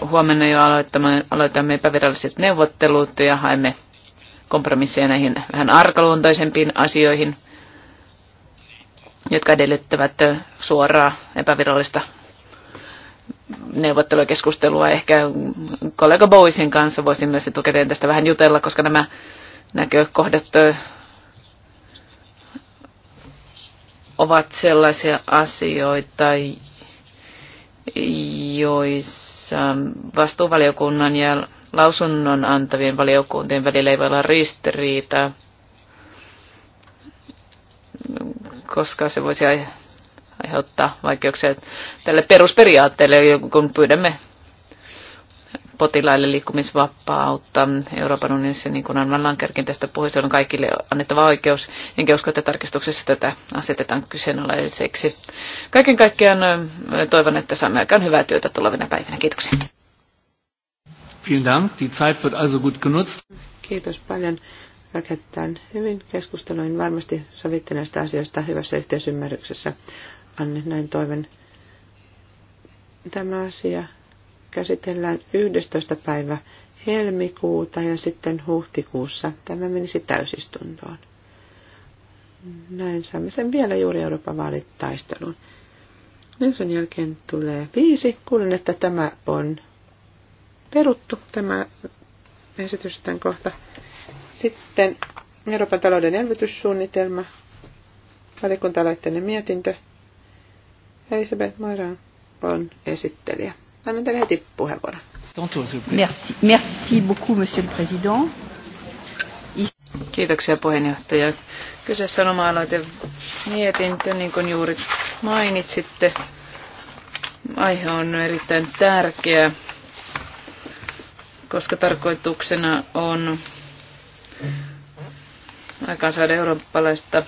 Huomenna jo aloitamme epäviralliset neuvottelut ja haemme kompromisseja näihin vähän arkaluontoisempiin asioihin, jotka edellyttävät suoraa epävirallista neuvottelua keskustelua. Ehkä kollega Boisin kanssa voisin myös etukäteen tästä vähän jutella, koska nämä näkökohdat ovat sellaisia asioita, joissa vastuuvaliokunnan ja lausunnon antavien valiokuntien välillä ei voi olla ristiriita, koska se voisi aiheuttaa vaikeuksia tälle perusperiaatteelle, kun pyydämme potilaille liikkumisvapautta Euroopan unionissa, niin kuin Anvan Lankerkin tästä puhui, se on kaikille annettava oikeus, enkä usko, että tarkistuksessa tätä asetetaan kyseenalaiseksi. Kaiken kaikkiaan toivon, että saamme aikaan hyvää työtä tulevina päivinä. Kiitoksia. Kiitos paljon. Käytetään hyvin keskustelua. varmasti sovitte näistä asioista hyvässä yhteisymmärryksessä. Anne, näin toivon. Tämä asia käsitellään 11. päivä helmikuuta ja sitten huhtikuussa tämä menisi täysistuntoon. Näin saamme sen vielä juuri Euroopan vaalit nyt sen jälkeen tulee viisi. Kuulen, että tämä on peruttu, tämä esitys tämän kohta. Sitten Euroopan talouden elvytyssuunnitelma, valikuntalaitteinen mietintö – Elisabeth Moira on esittelijä. Annan teille heti puheenvuoron. Merci, merci beaucoup, monsieur le président. Kiitoksia puheenjohtaja. Kyseessä on oma-aloite mietintö, niin kuin juuri mainitsitte. Aihe on erittäin tärkeä, koska tarkoituksena on aikaansaada eurooppalaista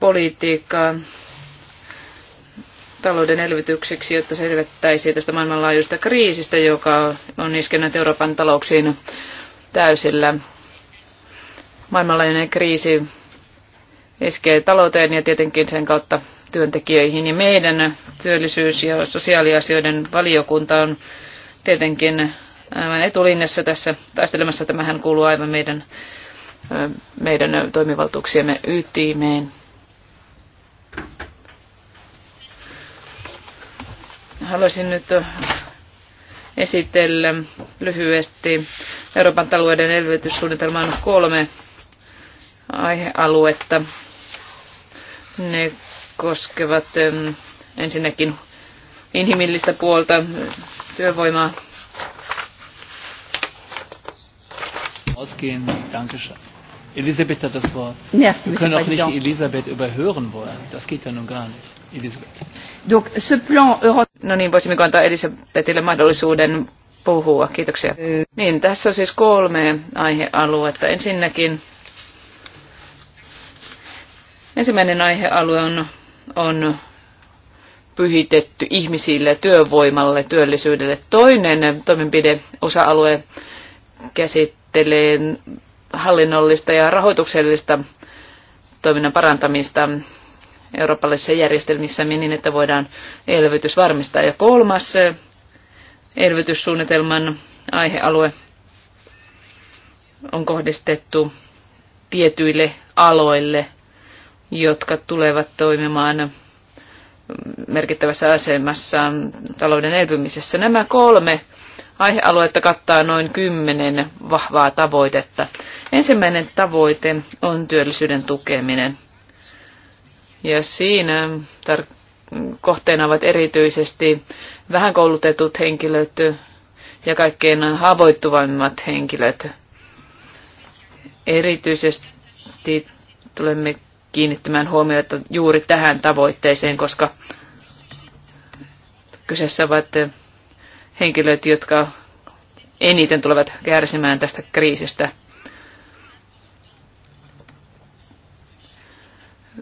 politiikkaa talouden elvytykseksi, jotta selvettäisiin tästä maailmanlaajuisesta kriisistä, joka on iskenyt Euroopan talouksiin täysillä. Maailmanlaajuinen kriisi iskee talouteen ja tietenkin sen kautta työntekijöihin. Ja meidän työllisyys- ja sosiaaliasioiden valiokunta on tietenkin aivan etulinjassa tässä taistelemassa. Tämähän kuuluu aivan meidän, meidän toimivaltuuksiemme ytimeen. Haluaisin nyt esitellä lyhyesti Euroopan talouden elvytyssuunnitelman kolme aihealuetta. Ne koskevat ensinnäkin inhimillistä puolta, työvoimaa. Ausgehen. Dankeschön. Elisabeth hat das Wort. Merci, Wir können auch nicht Elisabeth überhören wollen. Das geht ja nun gar nicht. Elisabeth. Donc, ce plan Euro- no niin, voisimmeko antaa Elisabetille mahdollisuuden puhua. Kiitoksia. Niin, tässä on siis kolme aihealuetta. Ensinnäkin ensimmäinen aihealue on, on pyhitetty ihmisille, työvoimalle, työllisyydelle. Toinen toimenpide, osa-alue käsittelee hallinnollista ja rahoituksellista toiminnan parantamista eurooppalaisissa järjestelmissä niin, että voidaan elvytys varmistaa. Ja kolmas eh, elvytyssuunnitelman aihealue on kohdistettu tietyille aloille, jotka tulevat toimimaan merkittävässä asemassa talouden elpymisessä. Nämä kolme aihealuetta kattaa noin kymmenen vahvaa tavoitetta. Ensimmäinen tavoite on työllisyyden tukeminen. Ja siinä kohteena ovat erityisesti vähän koulutetut henkilöt ja kaikkein haavoittuvimmat henkilöt. Erityisesti tulemme kiinnittämään huomiota juuri tähän tavoitteeseen, koska kyseessä ovat henkilöt, jotka eniten tulevat kärsimään tästä kriisistä.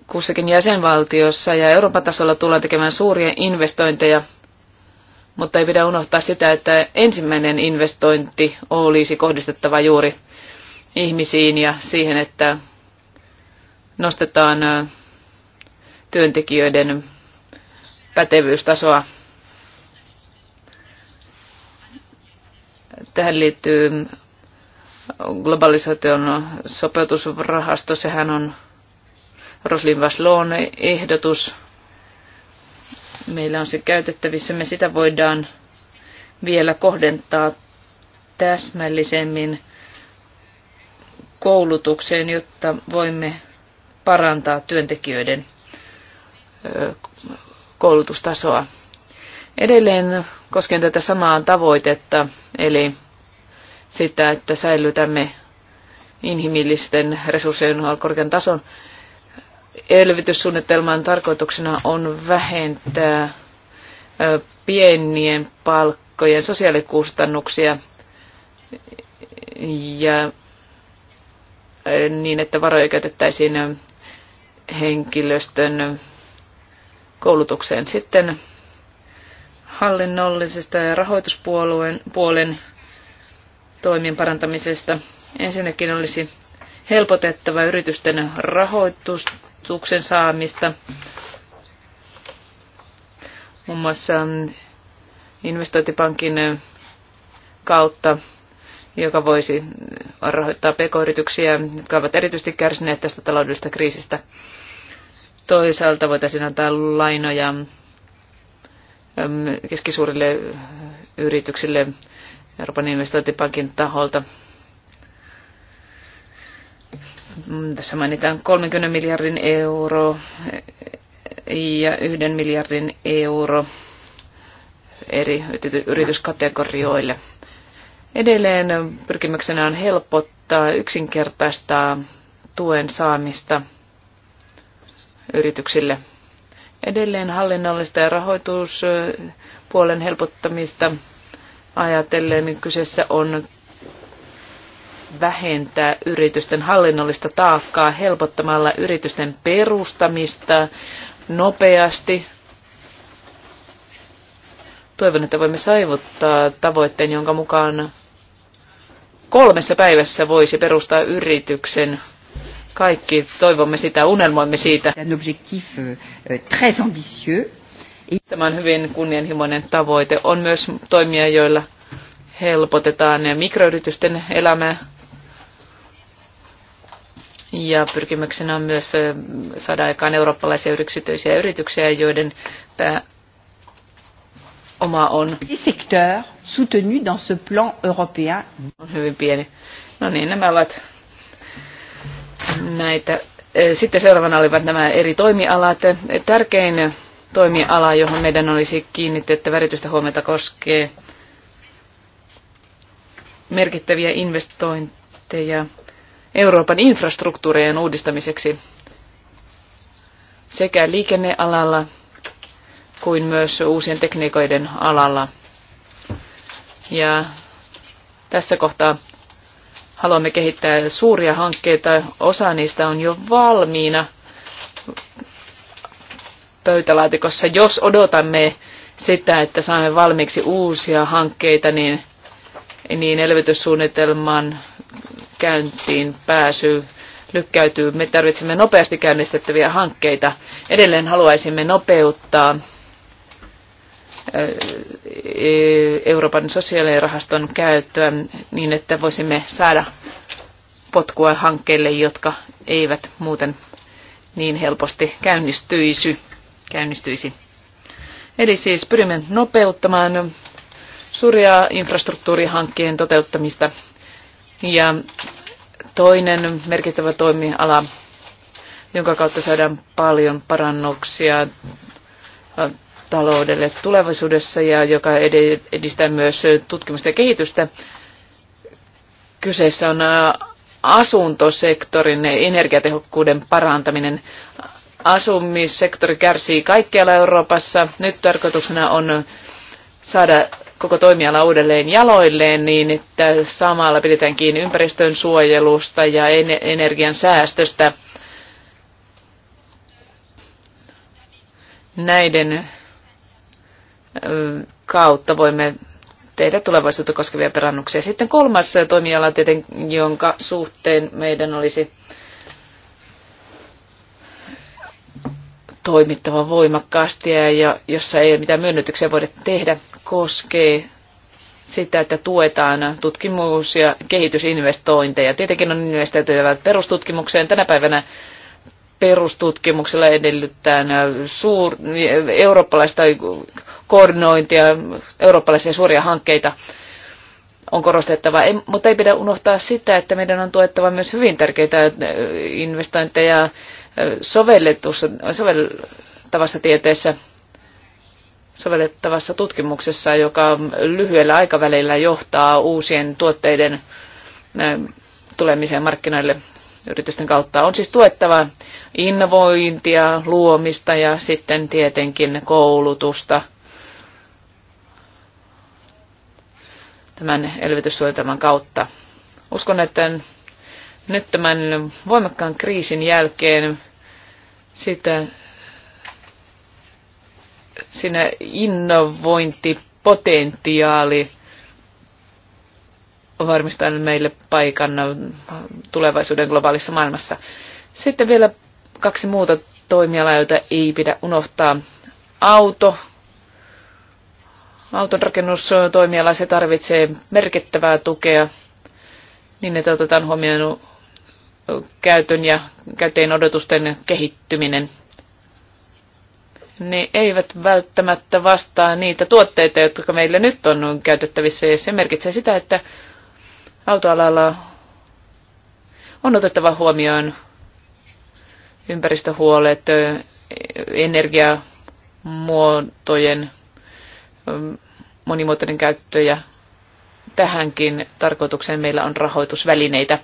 Kussakin jäsenvaltiossa ja Euroopan tasolla tullaan tekemään suuria investointeja, mutta ei pidä unohtaa sitä, että ensimmäinen investointi olisi kohdistettava juuri ihmisiin ja siihen, että nostetaan työntekijöiden pätevyystasoa Tähän liittyy globalisaation sopeutusrahasto, sehän on Roslin Vasloon ehdotus. Meillä on se käytettävissä, me sitä voidaan vielä kohdentaa täsmällisemmin koulutukseen, jotta voimme parantaa työntekijöiden koulutustasoa. Edelleen koskien tätä samaa tavoitetta, eli sitä, että säilytämme inhimillisten resurssien korkean tason. Elvytyssuunnitelman tarkoituksena on vähentää pienien palkkojen sosiaalikustannuksia ja niin, että varoja käytettäisiin henkilöstön koulutukseen. Sitten hallinnollisesta ja rahoituspuolen puolen toimien parantamisesta. Ensinnäkin olisi helpotettava yritysten rahoitustuksen saamista, muun muassa investointipankin kautta, joka voisi rahoittaa pk-yrityksiä, jotka ovat erityisesti kärsineet tästä taloudellisesta kriisistä. Toisaalta voitaisiin antaa lainoja keskisuurille yrityksille Euroopan investointipankin taholta. Mm, tässä mainitaan 30 miljardin euro ja yhden miljardin euro eri yrityskategorioille. Edelleen pyrkimyksenä on helpottaa, yksinkertaistaa tuen saamista yrityksille. Edelleen hallinnollista ja rahoituspuolen helpottamista ajatellen niin kyseessä on vähentää yritysten hallinnollista taakkaa helpottamalla yritysten perustamista nopeasti. Toivon, että voimme saavuttaa tavoitteen, jonka mukaan kolmessa päivässä voisi perustaa yrityksen. Kaikki toivomme sitä, unelmoimme siitä. Un objectif euh, très ambitieux Tämä on hyvin kunnianhimoinen tavoite. On myös toimia, joilla helpotetaan mikroyritysten elämää. Ja pyrkimyksenä on myös saada aikaan eurooppalaisia yksityisiä yrityksiä, joiden pää oma on. soutenu dans ce plan européen. On hyvin pieni. No niin, nämä ovat näitä. Sitten seuraavana olivat nämä eri toimialat. Tärkein toimiala, johon meidän olisi kiinnitettävä erityistä huomiota koskee merkittäviä investointeja Euroopan infrastruktuurien uudistamiseksi sekä liikennealalla kuin myös uusien tekniikoiden alalla. Ja tässä kohtaa haluamme kehittää suuria hankkeita. Osa niistä on jo valmiina pöytälaatikossa. Jos odotamme sitä, että saamme valmiiksi uusia hankkeita, niin, niin elvytyssuunnitelman käyntiin pääsy lykkäytyy. Me tarvitsemme nopeasti käynnistettäviä hankkeita. Edelleen haluaisimme nopeuttaa eh, Euroopan sosiaalirahaston käyttöä niin, että voisimme saada potkua hankkeille, jotka eivät muuten niin helposti käynnistyisi käynnistyisi. Eli siis pyrimme nopeuttamaan suuria infrastruktuurihankkeen toteuttamista. Ja toinen merkittävä toimiala, jonka kautta saadaan paljon parannuksia taloudelle tulevaisuudessa ja joka edistää myös tutkimusta ja kehitystä. Kyseessä on asuntosektorin energiatehokkuuden parantaminen. Asumissektori kärsii kaikkialla Euroopassa. Nyt tarkoituksena on saada koko toimiala uudelleen jaloilleen niin, että samalla pidetään kiinni ympäristön suojelusta ja energian säästöstä. Näiden kautta voimme tehdä tulevaisuutta koskevia perannuksia. Sitten kolmas toimiala, tieten, jonka suhteen meidän olisi toimittava voimakkaasti ja jossa ei mitään myönnytyksiä voida tehdä, koskee sitä, että tuetaan tutkimus- ja kehitysinvestointeja. Tietenkin on investoitava perustutkimukseen. Tänä päivänä perustutkimuksella edellytetään suur, eurooppalaista koordinointia, eurooppalaisia suuria hankkeita on korostettava. Ei, mutta ei pidä unohtaa sitä, että meidän on tuettava myös hyvin tärkeitä investointeja sovelletussa, sovellettavassa tieteessä, sovellettavassa tutkimuksessa, joka lyhyellä aikavälillä johtaa uusien tuotteiden tulemiseen markkinoille yritysten kautta. On siis tuettava innovointia, luomista ja sitten tietenkin koulutusta tämän elvytyssuojelman kautta. Uskon, että nyt tämän voimakkaan kriisin jälkeen sitä siinä innovointipotentiaali varmistaa meille paikan tulevaisuuden globaalissa maailmassa. Sitten vielä kaksi muuta toimialaa, joita ei pidä unohtaa. Auto, auton rakennustoimiala, se tarvitsee merkittävää tukea niin, että otetaan huomioon käytön ja käteen odotusten kehittyminen niin eivät välttämättä vastaa niitä tuotteita, jotka meillä nyt on käytettävissä. Ja se merkitsee sitä, että autoalalla on otettava huomioon ympäristöhuolet, energiamuotojen monimuotoinen käyttö ja tähänkin tarkoitukseen meillä on rahoitusvälineitä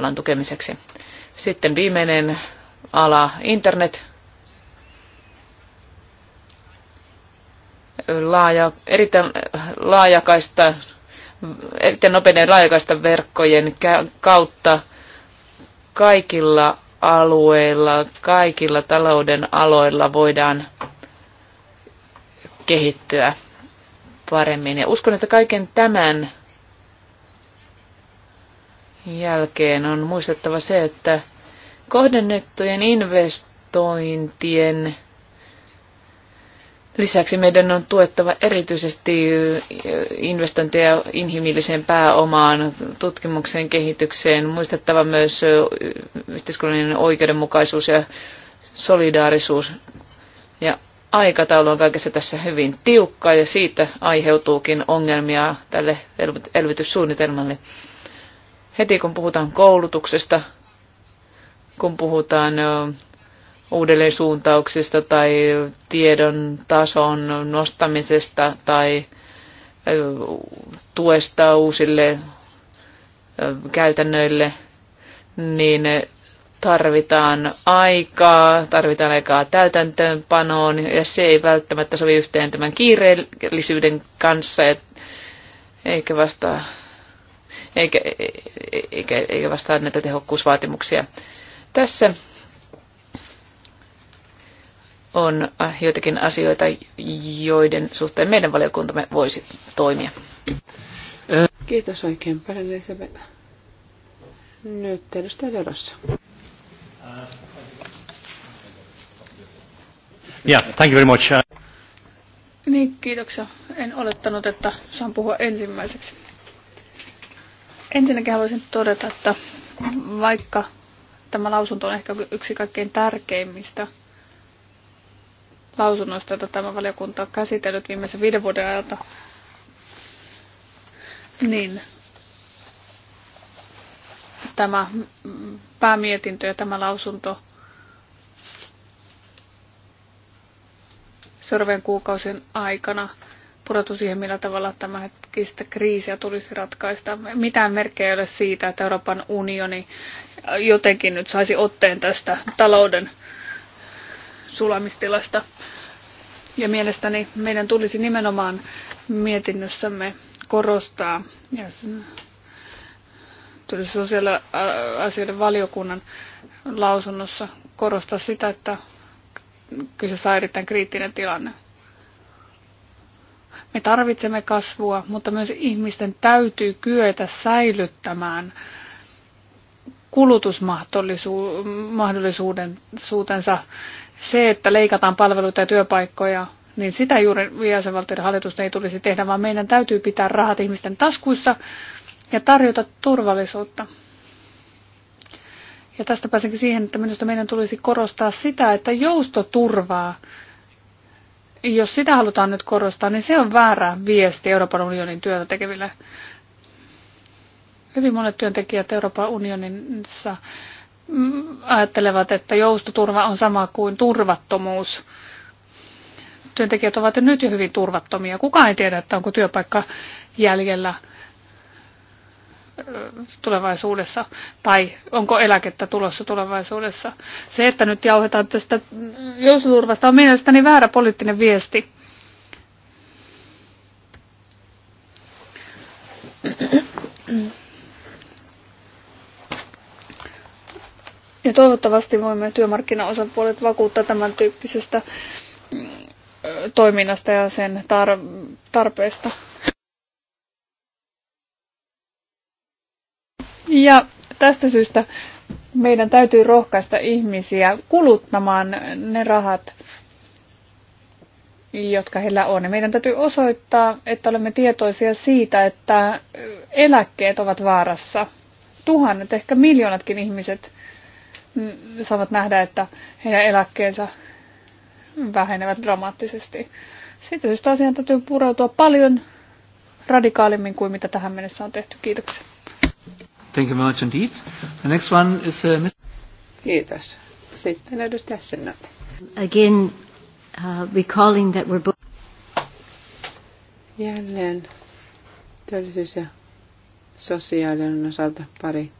alan tukemiseksi. Sitten viimeinen ala, internet. Laaja, erittäin laajakaista, erittäin nopeiden laajakaista verkkojen kautta kaikilla alueilla, kaikilla talouden aloilla voidaan kehittyä paremmin. Ja uskon, että kaiken tämän jälkeen on muistettava se, että kohdennettujen investointien lisäksi meidän on tuettava erityisesti investointeja inhimilliseen pääomaan, tutkimukseen, kehitykseen, muistettava myös yhteiskunnallinen oikeudenmukaisuus ja solidaarisuus. Ja aikataulu on kaikessa tässä hyvin tiukka ja siitä aiheutuukin ongelmia tälle elvytyssuunnitelmalle. Heti kun puhutaan koulutuksesta, kun puhutaan uudelleen suuntauksista tai tiedon tason nostamisesta tai tuesta uusille käytännöille, niin tarvitaan aikaa, tarvitaan aikaa täytäntöönpanoon ja se ei välttämättä sovi yhteen tämän kiireellisyyden kanssa, eikä vastaa eikä, eikä, eikä vastaa näitä tehokkuusvaatimuksia. Tässä on joitakin asioita, joiden suhteen meidän valiokuntamme voisi toimia. Kiitos oikein paljon Elisabeth. Nyt edustaja Jodossa. Yeah, thank you very much. Niin, kiitoksia. En olettanut, että saan puhua ensimmäiseksi. Ensinnäkin haluaisin todeta, että vaikka tämä lausunto on ehkä yksi kaikkein tärkeimmistä lausunnoista, joita tämä valiokunta on käsitellyt viimeisen viiden vuoden ajalta, niin tämä päämietintö ja tämä lausunto seuraavien kuukausien aikana pudotu siihen, millä tavalla tämä hetkistä kriisiä tulisi ratkaista. Mitään merkkejä ei ole siitä, että Euroopan unioni jotenkin nyt saisi otteen tästä talouden sulamistilasta. Ja mielestäni meidän tulisi nimenomaan mietinnössämme korostaa ja tulisi sosiaaliasioiden valiokunnan lausunnossa korostaa sitä, että kyseessä on erittäin kriittinen tilanne. Me tarvitsemme kasvua, mutta myös ihmisten täytyy kyetä säilyttämään kulutusmahdollisuutensa. Se, että leikataan palveluita ja työpaikkoja, niin sitä juuri jäsenvaltioiden hallitus ei tulisi tehdä, vaan meidän täytyy pitää rahat ihmisten taskuissa ja tarjota turvallisuutta. Ja tästä pääsenkin siihen, että minusta meidän tulisi korostaa sitä, että jousto turvaa jos sitä halutaan nyt korostaa, niin se on väärä viesti Euroopan unionin työtä tekeville. Hyvin monet työntekijät Euroopan unionissa mm, ajattelevat, että joustoturva on sama kuin turvattomuus. Työntekijät ovat jo nyt jo hyvin turvattomia. Kukaan ei tiedä, että onko työpaikka jäljellä tulevaisuudessa tai onko eläkettä tulossa tulevaisuudessa. Se, että nyt jauhetaan tästä jousuturvasta, on mielestäni väärä poliittinen viesti. Ja toivottavasti voimme työmarkkinaosapuolet vakuuttaa tämän tyyppisestä mm, toiminnasta ja sen tarpeesta. Ja tästä syystä meidän täytyy rohkaista ihmisiä kuluttamaan ne rahat, jotka heillä on. Ja meidän täytyy osoittaa, että olemme tietoisia siitä, että eläkkeet ovat vaarassa. Tuhannet, ehkä miljoonatkin ihmiset mm, saavat nähdä, että heidän eläkkeensä vähenevät dramaattisesti. Siitä syystä asiaan täytyy pureutua paljon radikaalimmin kuin mitä tähän mennessä on tehty. Kiitoksia. Thank you very much indeed. The next one is uh, Kiitos. Sitten edustaja Sennat. Again, uh, recalling that we're both... Jälleen työllisyys ja sosiaalinen osalta pari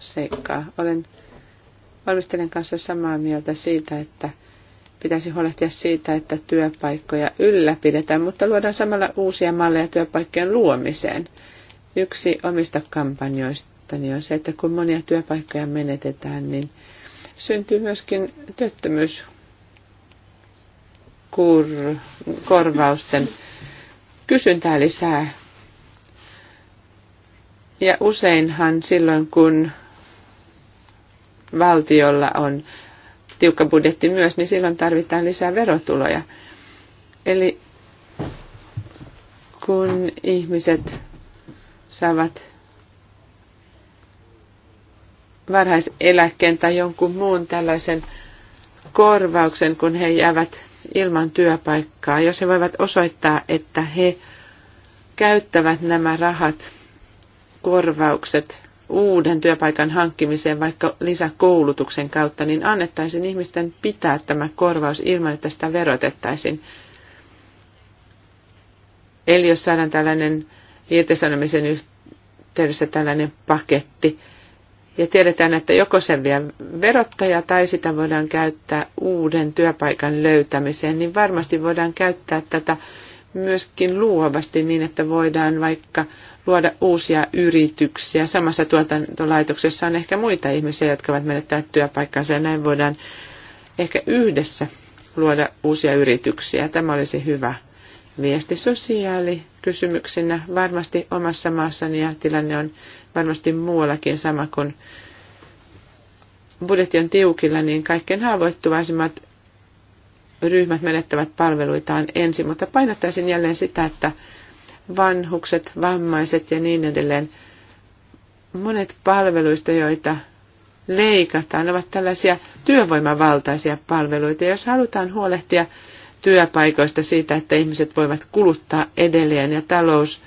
seikkaa. Olen valmistelen kanssa samaa mieltä siitä, että pitäisi huolehtia siitä, että työpaikkoja ylläpidetään, mutta luodaan samalla uusia malleja työpaikkojen luomiseen – Yksi omista kampanjoistani on se, että kun monia työpaikkoja menetetään, niin syntyy myöskin työttömyyskorvausten kysyntää lisää. Ja useinhan silloin, kun valtiolla on tiukka budjetti myös, niin silloin tarvitaan lisää verotuloja. Eli kun ihmiset saavat varhaiseläkkeen tai jonkun muun tällaisen korvauksen, kun he jäävät ilman työpaikkaa, jos he voivat osoittaa, että he käyttävät nämä rahat, korvaukset uuden työpaikan hankkimiseen vaikka lisäkoulutuksen kautta, niin annettaisiin ihmisten pitää tämä korvaus ilman, että sitä verotettaisiin. Eli jos saadaan tällainen irtisanomisen yhteydessä tällainen paketti. Ja tiedetään, että joko sen vie verottaja tai sitä voidaan käyttää uuden työpaikan löytämiseen, niin varmasti voidaan käyttää tätä myöskin luovasti niin, että voidaan vaikka luoda uusia yrityksiä. Samassa tuotantolaitoksessa on ehkä muita ihmisiä, jotka ovat menettäneet työpaikkansa ja näin voidaan ehkä yhdessä luoda uusia yrityksiä. Tämä olisi hyvä viesti sosiaali- kysymyksenä varmasti omassa maassani ja tilanne on varmasti muuallakin sama kuin budjetti on tiukilla, niin kaikkein haavoittuvaisimmat ryhmät menettävät palveluitaan ensin, mutta painottaisin jälleen sitä, että vanhukset, vammaiset ja niin edelleen, monet palveluista, joita leikataan, ovat tällaisia työvoimavaltaisia palveluita. Jos halutaan huolehtia työpaikoista siitä, että ihmiset voivat kuluttaa edelleen ja talous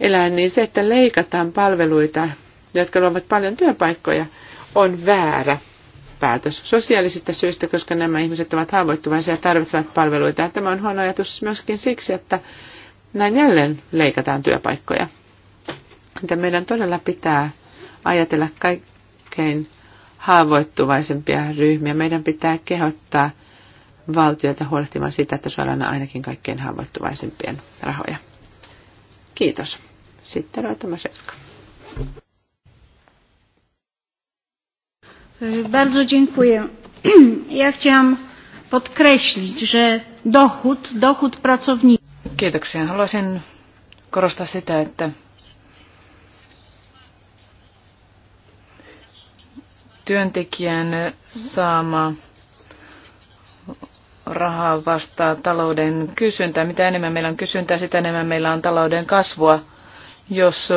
elää, niin se, että leikataan palveluita, jotka luovat paljon työpaikkoja, on väärä päätös sosiaalisista syistä, koska nämä ihmiset ovat haavoittuvaisia ja tarvitsevat palveluita. Ja tämä on huono ajatus myöskin siksi, että näin jälleen leikataan työpaikkoja. Että meidän todella pitää ajatella kaikkein haavoittuvaisempia ryhmiä. Meidän pitää kehottaa – valtioita huolehtimaan sitä, että saadaan ainakin kaikkein haavoittuvaisimpien rahoja. Kiitos. Sitten Raita Maseska. Bardzo dziękuję. Ja chciałam podkreślić, że dochód, dochód pracownika. Kiitoksia. Haluaisin korostaa sitä, että työntekijän saama rahaa vastaa talouden kysyntää. Mitä enemmän meillä on kysyntää, sitä enemmän meillä on talouden kasvua. Jos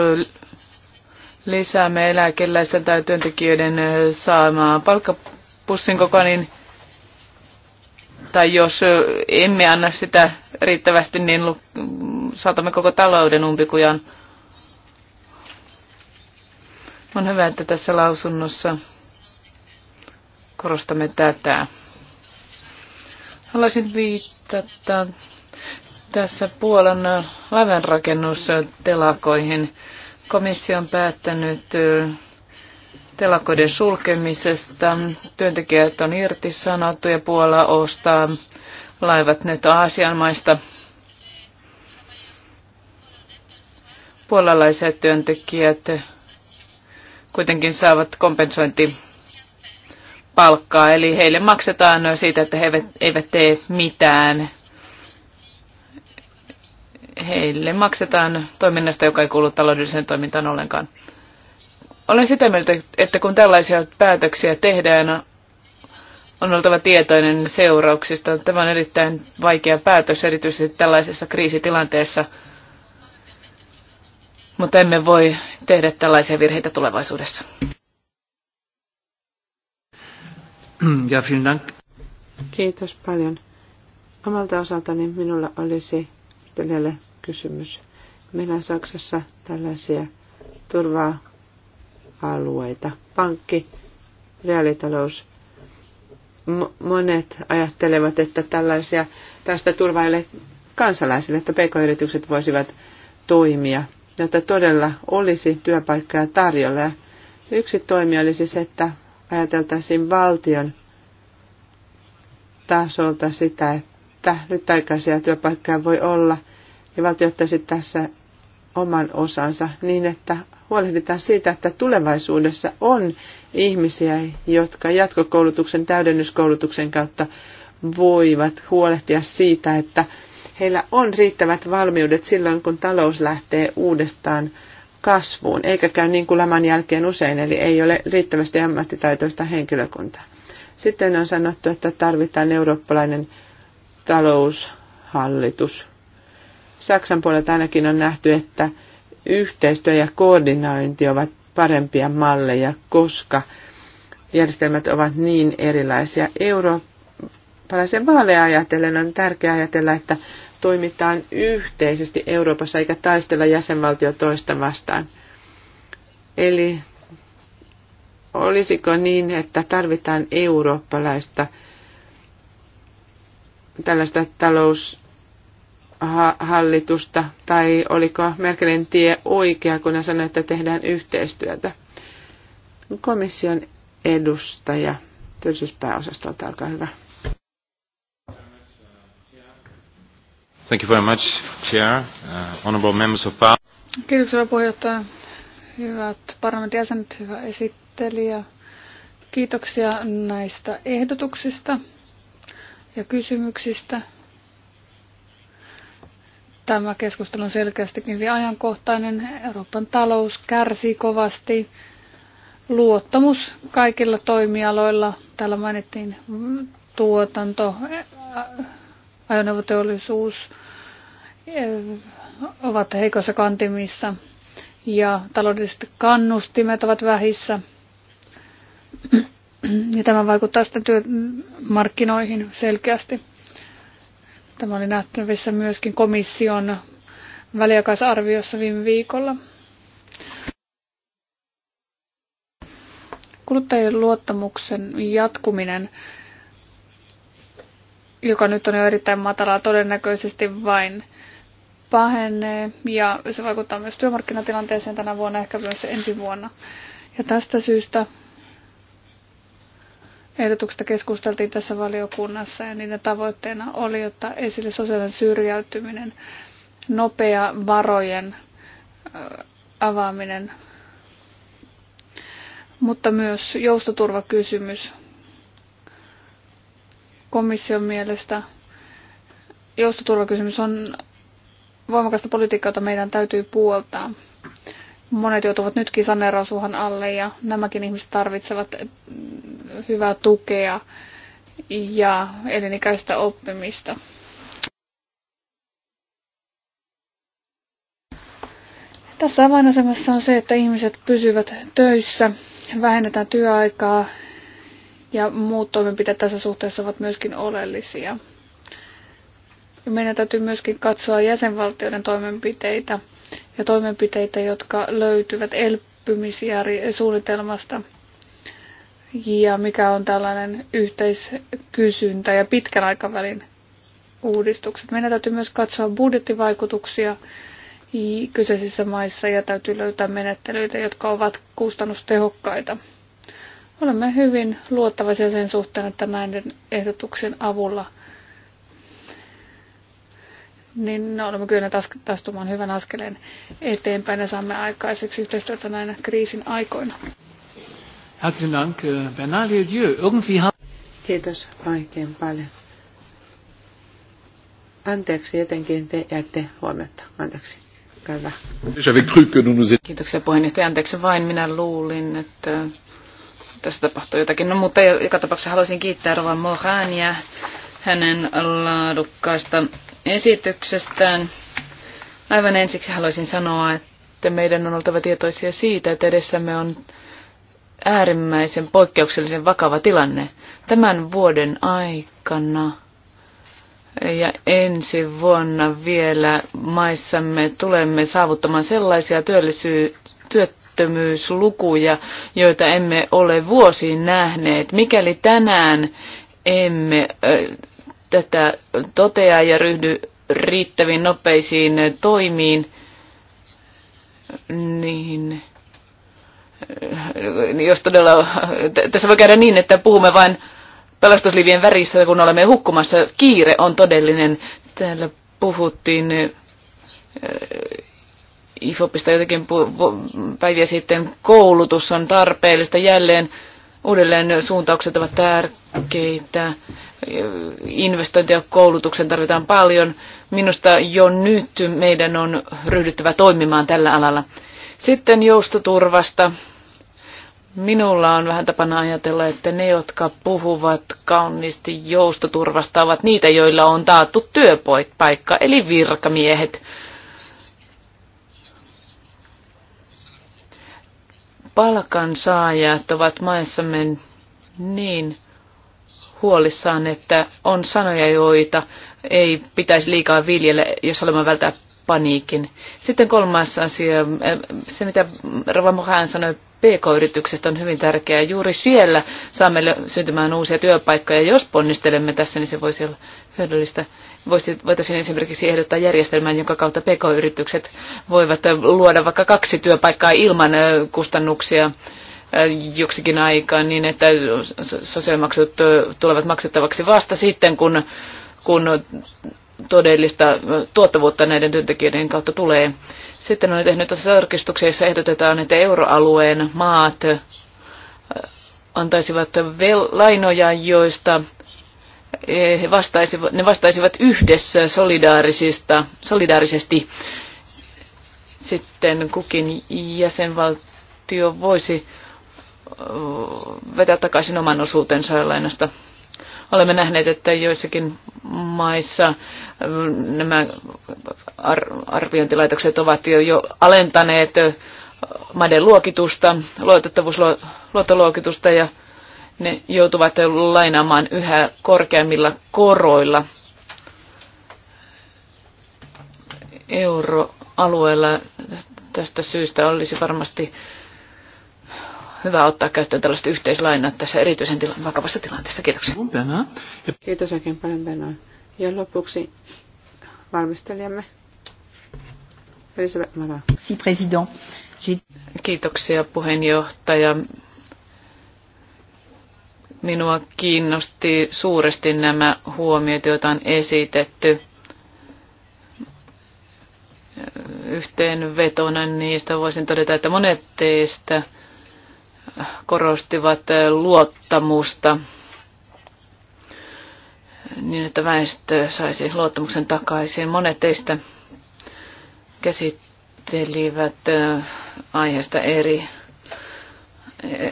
lisäämme eläkeläisten tai työntekijöiden saamaa palkkapussin kokoa, niin tai jos emme anna sitä riittävästi, niin saatamme koko talouden umpikujan. On hyvä, että tässä lausunnossa korostamme tätä. Haluaisin viitata tässä Puolan telakoihin. Komissio on päättänyt telakoiden sulkemisesta. Työntekijät on irtisanottu ja Puola ostaa laivat nyt Aasian maista. Puolalaiset työntekijät kuitenkin saavat kompensointi palkkaa, eli heille maksetaan siitä, että he eivät, eivät tee mitään. Heille maksetaan toiminnasta, joka ei kuulu taloudelliseen toimintaan ollenkaan. Olen sitä mieltä, että kun tällaisia päätöksiä tehdään, on oltava tietoinen seurauksista. Tämä on erittäin vaikea päätös, erityisesti tällaisessa kriisitilanteessa, mutta emme voi tehdä tällaisia virheitä tulevaisuudessa. Ja, vielen Dank. Kiitos paljon. Omalta osaltani minulla olisi teille kysymys. Meillä on Saksassa tällaisia turva-alueita. Pankki, reaalitalous. monet ajattelevat, että tällaisia, tästä turvaille kansalaisille, että pk-yritykset voisivat toimia, jotta todella olisi työpaikkaa tarjolla. yksi toimi olisi se, että ajateltaisiin valtion tasolta sitä, että lyhytaikaisia työpaikkoja voi olla, ja valtio ottaisi tässä oman osansa niin, että huolehditaan siitä, että tulevaisuudessa on ihmisiä, jotka jatkokoulutuksen, täydennyskoulutuksen kautta voivat huolehtia siitä, että heillä on riittävät valmiudet silloin, kun talous lähtee uudestaan kasvuun, eikä käy niin kuin laman jälkeen usein, eli ei ole riittävästi ammattitaitoista henkilökuntaa. Sitten on sanottu, että tarvitaan eurooppalainen taloushallitus. Saksan puolelta ainakin on nähty, että yhteistyö ja koordinointi ovat parempia malleja, koska järjestelmät ovat niin erilaisia. Eurooppalaisen vaaleja ajatellen on tärkeää ajatella, että toimitaan yhteisesti Euroopassa eikä taistella jäsenvaltio toista vastaan. Eli olisiko niin, että tarvitaan eurooppalaista tällaista taloushallitusta, tai oliko Merkelin tie oikea, kun hän sanoi, että tehdään yhteistyötä? Komission edustaja työllisyyspääosastolta, olkaa hyvä. Thank you very much, Chair. Uh, honorable members of Kiitoksia puheenjohtaja. Hyvät parlamentin jäsenet, hyvä esittelijä. Kiitoksia näistä ehdotuksista ja kysymyksistä. Tämä keskustelu on selkeästikin vielä ajankohtainen. Euroopan talous kärsii kovasti. Luottamus kaikilla toimialoilla. Täällä mainittiin tuotanto, ajoneuvoteollisuus eh, ovat heikossa kantimissa ja taloudelliset kannustimet ovat vähissä. Ja tämä vaikuttaa sitten työmarkkinoihin selkeästi. Tämä oli nähtävissä myöskin komission väliaikaisarviossa viime viikolla. Kuluttajien luottamuksen jatkuminen joka nyt on jo erittäin matalaa, todennäköisesti vain pahenee ja se vaikuttaa myös työmarkkinatilanteeseen tänä vuonna, ehkä myös ensi vuonna. Ja tästä syystä ehdotuksesta keskusteltiin tässä valiokunnassa ja niiden tavoitteena oli ottaa esille sosiaalinen syrjäytyminen, nopea varojen avaaminen, mutta myös joustoturvakysymys komission mielestä joustoturvakysymys on voimakasta politiikkaa, jota meidän täytyy puoltaa. Monet joutuvat nytkin saneerausuhan alle ja nämäkin ihmiset tarvitsevat hyvää tukea ja elinikäistä oppimista. Tässä avainasemassa on se, että ihmiset pysyvät töissä, vähennetään työaikaa ja muut toimenpiteet tässä suhteessa ovat myöskin oleellisia. Ja meidän täytyy myöskin katsoa jäsenvaltioiden toimenpiteitä ja toimenpiteitä, jotka löytyvät elpymissuunnitelmasta ja mikä on tällainen yhteiskysyntä ja pitkän aikavälin uudistukset. Meidän täytyy myös katsoa budjettivaikutuksia kyseisissä maissa ja täytyy löytää menettelyitä, jotka ovat kustannustehokkaita. Olemme hyvin luottavaisia sen suhteen, että näiden ehdotuksen avulla niin olemme kyllä astumaan hyvän askeleen eteenpäin ja saamme aikaiseksi yhteistyötä näinä kriisin aikoina. Herzlichen Dank, äh, Bernard Dieu. Irgendwie Kiitos oikein paljon. Anteeksi, jotenkin te jäätte huomiota. Anteeksi. Kiitoksia puheenjohtaja. Anteeksi vain, minä luulin, että tässä tapahtuu jotakin. No, mutta joka tapauksessa haluaisin kiittää Rovan Mohania hänen laadukkaasta esityksestään. Aivan ensiksi haluaisin sanoa, että meidän on oltava tietoisia siitä, että edessämme on äärimmäisen poikkeuksellisen vakava tilanne. Tämän vuoden aikana ja ensi vuonna vielä maissamme tulemme saavuttamaan sellaisia työllisyys työttömyyslukuja, joita emme ole vuosiin nähneet. Mikäli tänään emme tätä totea ja ryhdy riittäviin nopeisiin toimiin, niin jos todella, tässä voi käydä niin, että puhumme vain pelastuslivien väristä, kun olemme hukkumassa. Kiire on todellinen. Täällä puhuttiin IFOPista jotenkin päiviä sitten. Koulutus on tarpeellista jälleen. Uudelleen suuntaukset ovat tärkeitä. Investointia koulutuksen tarvitaan paljon. Minusta jo nyt meidän on ryhdyttävä toimimaan tällä alalla. Sitten joustoturvasta. Minulla on vähän tapana ajatella, että ne, jotka puhuvat kauniisti joustoturvasta, ovat niitä, joilla on taattu työpaikka, eli virkamiehet. palkansaajat ovat maissamme niin huolissaan, että on sanoja, joita ei pitäisi liikaa viljellä, jos haluamme välttää paniikin. Sitten kolmas asia, se mitä Rava Mohan sanoi PK-yrityksestä on hyvin tärkeää. Juuri siellä saamme syntymään uusia työpaikkoja. Jos ponnistelemme tässä, niin se voisi olla hyödyllistä voitaisiin esimerkiksi ehdottaa järjestelmän, jonka kautta pk-yritykset voivat luoda vaikka kaksi työpaikkaa ilman kustannuksia joksikin aikaa niin, että sosiaalimaksut tulevat maksettavaksi vasta sitten, kun, kun todellista tuottavuutta näiden työntekijöiden kautta tulee. Sitten olen tehnyt tarkistuksia, jossa ehdotetaan, että euroalueen maat antaisivat vel- lainoja, joista Eh, he vastaisivat, ne vastaisivat yhdessä solidaarisista, solidaarisesti. Sitten kukin jäsenvaltio voisi eh, vetää takaisin oman osuutensa lainasta. Olemme nähneet, että joissakin maissa eh, nämä arviointilaitokset ovat jo, jo alentaneet maiden luokitusta, luotettavuusluottoluokitusta ja ne joutuvat lainaamaan yhä korkeammilla koroilla. Euroalueella tästä syystä olisi varmasti hyvä ottaa käyttöön tällaista yhteislainaa tässä erityisen tila- vakavassa tilanteessa. Kiitoksia. Kiitos oikein paljon Benoa. Ja lopuksi valmistelijamme Elisabeth Mara. Si, president. Kiitoksia puheenjohtaja. Minua kiinnosti suuresti nämä huomiot, joita on esitetty. Yhteenvetona niistä voisin todeta, että monet teistä korostivat luottamusta niin, että väestö saisi luottamuksen takaisin. Monet teistä käsittelivät äh, aiheesta eri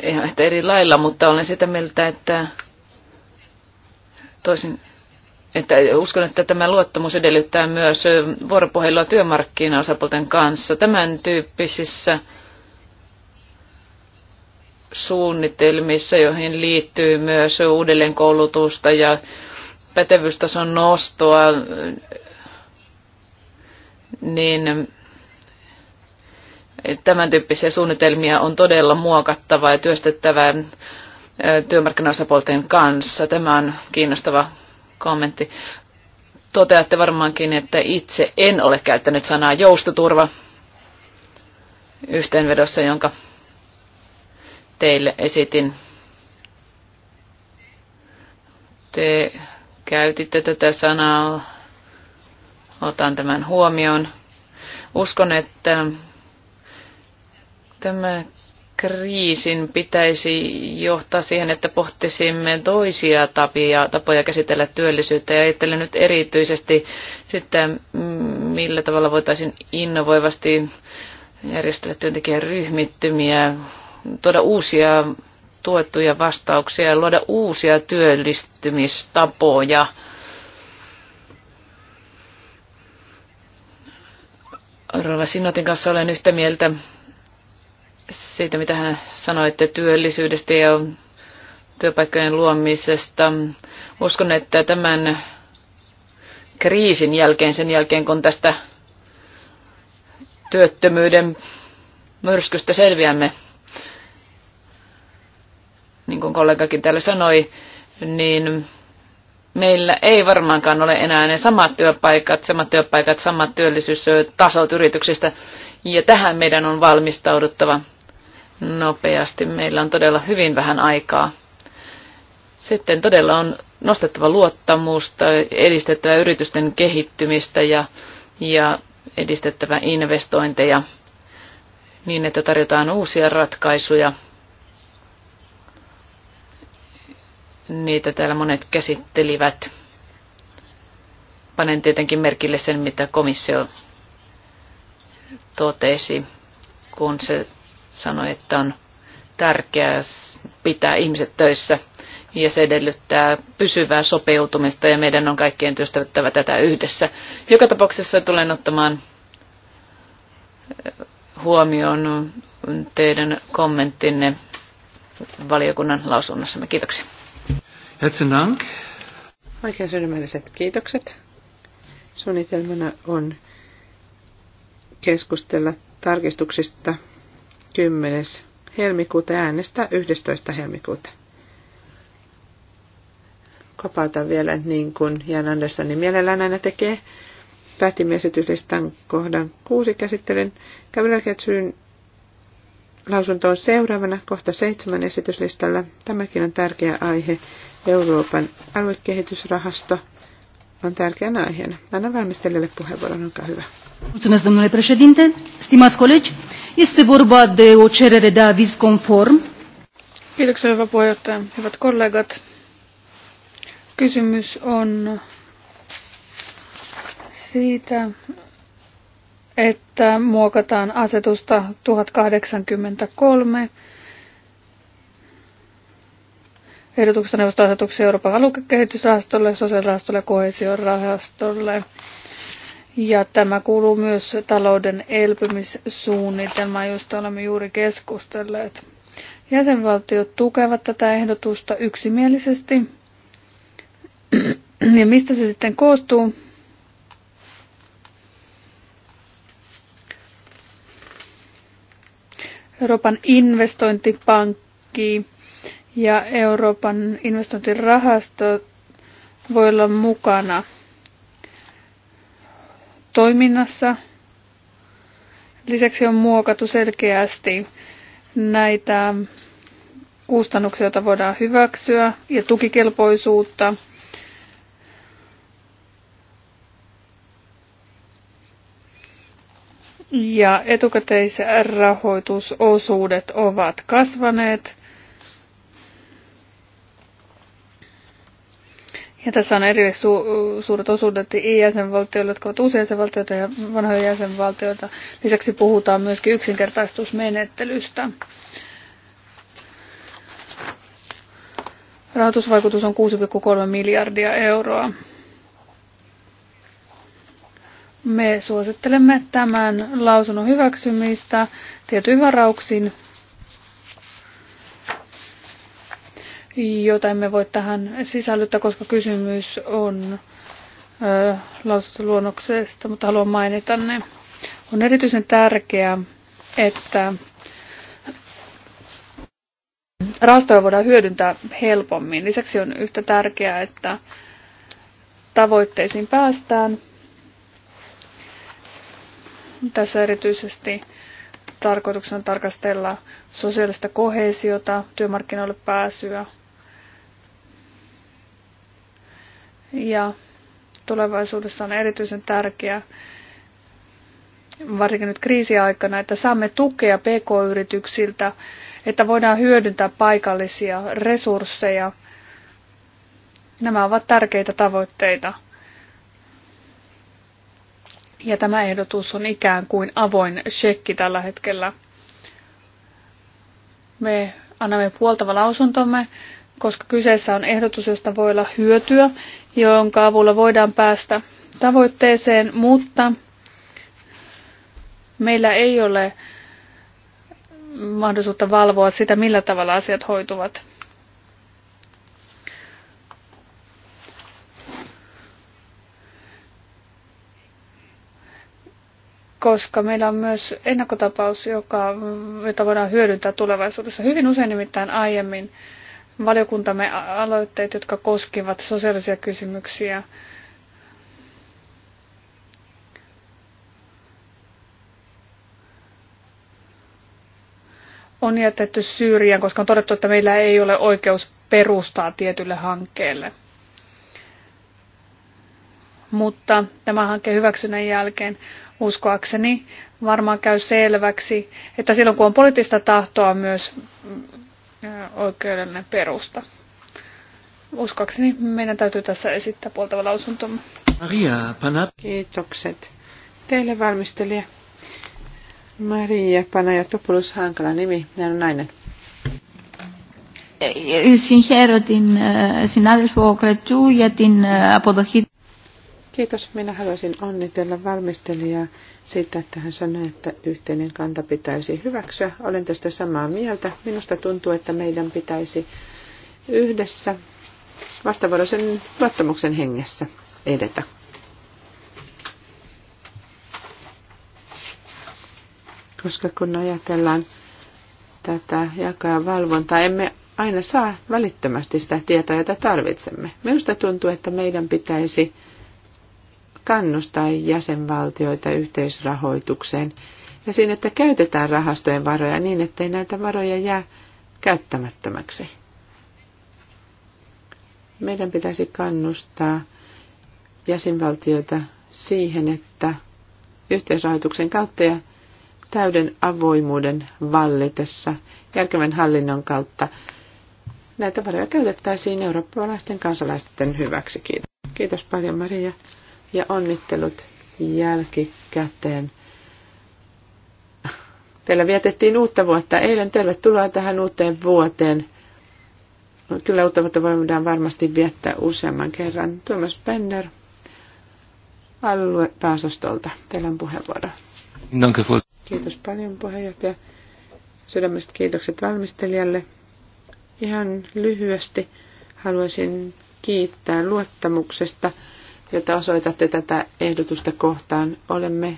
ihan että eri lailla, mutta olen sitä mieltä, että toisin, että uskon, että tämä luottamus edellyttää myös vuoropuhelua työmarkkinaosapuolten kanssa. Tämän tyyppisissä suunnitelmissa, joihin liittyy myös uudelleenkoulutusta ja pätevyystason nostoa, niin Tämän tyyppisiä suunnitelmia on todella muokattava ja työstettävä työmarkkinaosapuolten kanssa. Tämä on kiinnostava kommentti. Toteatte varmaankin, että itse en ole käyttänyt sanaa joustoturva yhteenvedossa, jonka teille esitin. Te käytitte tätä sanaa. Otan tämän huomioon. Uskon, että Tämä kriisin pitäisi johtaa siihen, että pohtisimme toisia tapia, tapoja käsitellä työllisyyttä ja ajattelen nyt erityisesti sitä, millä tavalla voitaisiin innovoivasti järjestellä työntekijän ryhmittymiä, tuoda uusia tuettuja vastauksia, ja luoda uusia työllistymistapoja. Rova Sinotin kanssa olen yhtä mieltä siitä, mitä hän sanoi, että työllisyydestä ja työpaikkojen luomisesta. Uskon, että tämän kriisin jälkeen, sen jälkeen kun tästä työttömyyden myrskystä selviämme, niin kuin kollegakin täällä sanoi, niin meillä ei varmaankaan ole enää ne samat työpaikat, samat työpaikat, samat työllisyystasot yrityksistä, ja tähän meidän on valmistauduttava nopeasti. Meillä on todella hyvin vähän aikaa. Sitten todella on nostettava luottamusta, edistettävä yritysten kehittymistä ja, ja edistettävä investointeja niin, että tarjotaan uusia ratkaisuja. Niitä täällä monet käsittelivät. Panen tietenkin merkille sen, mitä komissio totesi, kun se sanoi, että on tärkeää pitää ihmiset töissä ja se edellyttää pysyvää sopeutumista ja meidän on kaikkien työstävättävä tätä yhdessä. Joka tapauksessa tulen ottamaan eh, huomioon teidän kommenttinne valiokunnan lausunnossamme. Kiitoksia. Herzlichen Dank. Oikein sydämelliset kiitokset. Suunnitelmana on keskustella tarkistuksista 10. helmikuuta ja äänestää 11. helmikuuta. Kopautan vielä niin kuin Jan niin mielellään aina tekee. Päätimme esityslistan kohdan kuusi käsittelen. Kävelyketsyyn lausunto on seuraavana kohta seitsemän esityslistalla. Tämäkin on tärkeä aihe. Euroopan aluekehitysrahasto on tärkeänä aiheena. Anna valmistelijalle puheenvuoron, olkaa hyvä. Mulțumesc, domnule președinte. Stimați colegi, este vorba de o cerere de aviz conform. Kiitoksia, puheenjohtaja. Hyvät kollegat, kysymys on siitä, että muokataan asetusta 1083 ehdotuksesta neuvostoasetuksia Euroopan aluekehitysrahastolle, sosiaalirahastolle ja kohesiorahastolle. Ja tämä kuuluu myös talouden elpymissuunnitelmaan, josta olemme juuri keskustelleet. Jäsenvaltiot tukevat tätä ehdotusta yksimielisesti. Ja mistä se sitten koostuu? Euroopan investointipankki ja Euroopan investointirahasto voi olla mukana – toiminnassa. Lisäksi on muokattu selkeästi näitä kustannuksia, joita voidaan hyväksyä ja tukikelpoisuutta. Ja etukäteisrahoitusosuudet ovat kasvaneet Ja tässä on eri su- suuret osuudet jäsenvaltioille, jotka ovat uusia jäsenvaltioita ja vanhoja jäsenvaltioita. Lisäksi puhutaan myöskin yksinkertaistusmenettelystä. Rahoitusvaikutus on 6,3 miljardia euroa. Me suosittelemme tämän lausunnon hyväksymistä tietyin varauksin jota emme voi tähän sisällyttää, koska kysymys on lausuntoluonnoksesta, mutta haluan mainita ne. On erityisen tärkeää, että rahastoja voidaan hyödyntää helpommin. Lisäksi on yhtä tärkeää, että tavoitteisiin päästään. Tässä erityisesti tarkoituksena tarkastella sosiaalista kohesiota, työmarkkinoille pääsyä, ja tulevaisuudessa on erityisen tärkeää, varsinkin nyt kriisiaikana, että saamme tukea pk-yrityksiltä, että voidaan hyödyntää paikallisia resursseja. Nämä ovat tärkeitä tavoitteita. Ja tämä ehdotus on ikään kuin avoin shekki tällä hetkellä. Me annamme puoltava lausuntomme, koska kyseessä on ehdotus, josta voi olla hyötyä jonka avulla voidaan päästä tavoitteeseen, mutta meillä ei ole mahdollisuutta valvoa sitä, millä tavalla asiat hoituvat. koska meillä on myös ennakkotapaus, joka, jota voidaan hyödyntää tulevaisuudessa. Hyvin usein nimittäin aiemmin valiokuntamme aloitteet, jotka koskivat sosiaalisia kysymyksiä. on jätetty syrjään, koska on todettu, että meillä ei ole oikeus perustaa tietylle hankkeelle. Mutta tämän hankkeen hyväksynnän jälkeen uskoakseni varmaan käy selväksi, että silloin kun on poliittista tahtoa myös oikeudellinen perusta. Uskoakseni meidän täytyy tässä esittää puoltava lausunto. Maria Panat. Kiitokset teille valmistelija. Maria Panajatopoulos, hankala nimi, hän on nainen. Συγχαίρω την συνάδελφο Κρατσού για την αποδοχή. Kiitos. Minä haluaisin onnitella valmistelijaa siitä, että hän sanoi, että yhteinen kanta pitäisi hyväksyä. Olen tästä samaa mieltä. Minusta tuntuu, että meidän pitäisi yhdessä vastavuoroisen luottamuksen hengessä edetä. Koska kun ajatellaan tätä jakaa valvontaa, emme aina saa välittömästi sitä tietoa, jota tarvitsemme. Minusta tuntuu, että meidän pitäisi kannustaa jäsenvaltioita yhteisrahoitukseen ja siinä, että käytetään rahastojen varoja niin, ettei näitä varoja jää käyttämättömäksi. Meidän pitäisi kannustaa jäsenvaltioita siihen, että yhteisrahoituksen kautta ja täyden avoimuuden vallitessa järkevän hallinnon kautta näitä varoja käytettäisiin eurooppalaisten kansalaisten hyväksi. Kiitos. Kiitos paljon Maria ja onnittelut jälkikäteen. Teillä vietettiin uutta vuotta eilen. Tervetuloa tähän uuteen vuoteen. Kyllä uutta vuotta voidaan varmasti viettää useamman kerran. Tuomas Penner aluepääosastolta. Teillä on puheenvuoro. Kiitos paljon puheenjohtaja. Sydämestä kiitokset valmistelijalle. Ihan lyhyesti haluaisin kiittää luottamuksesta – jota osoitatte tätä ehdotusta kohtaan. Olemme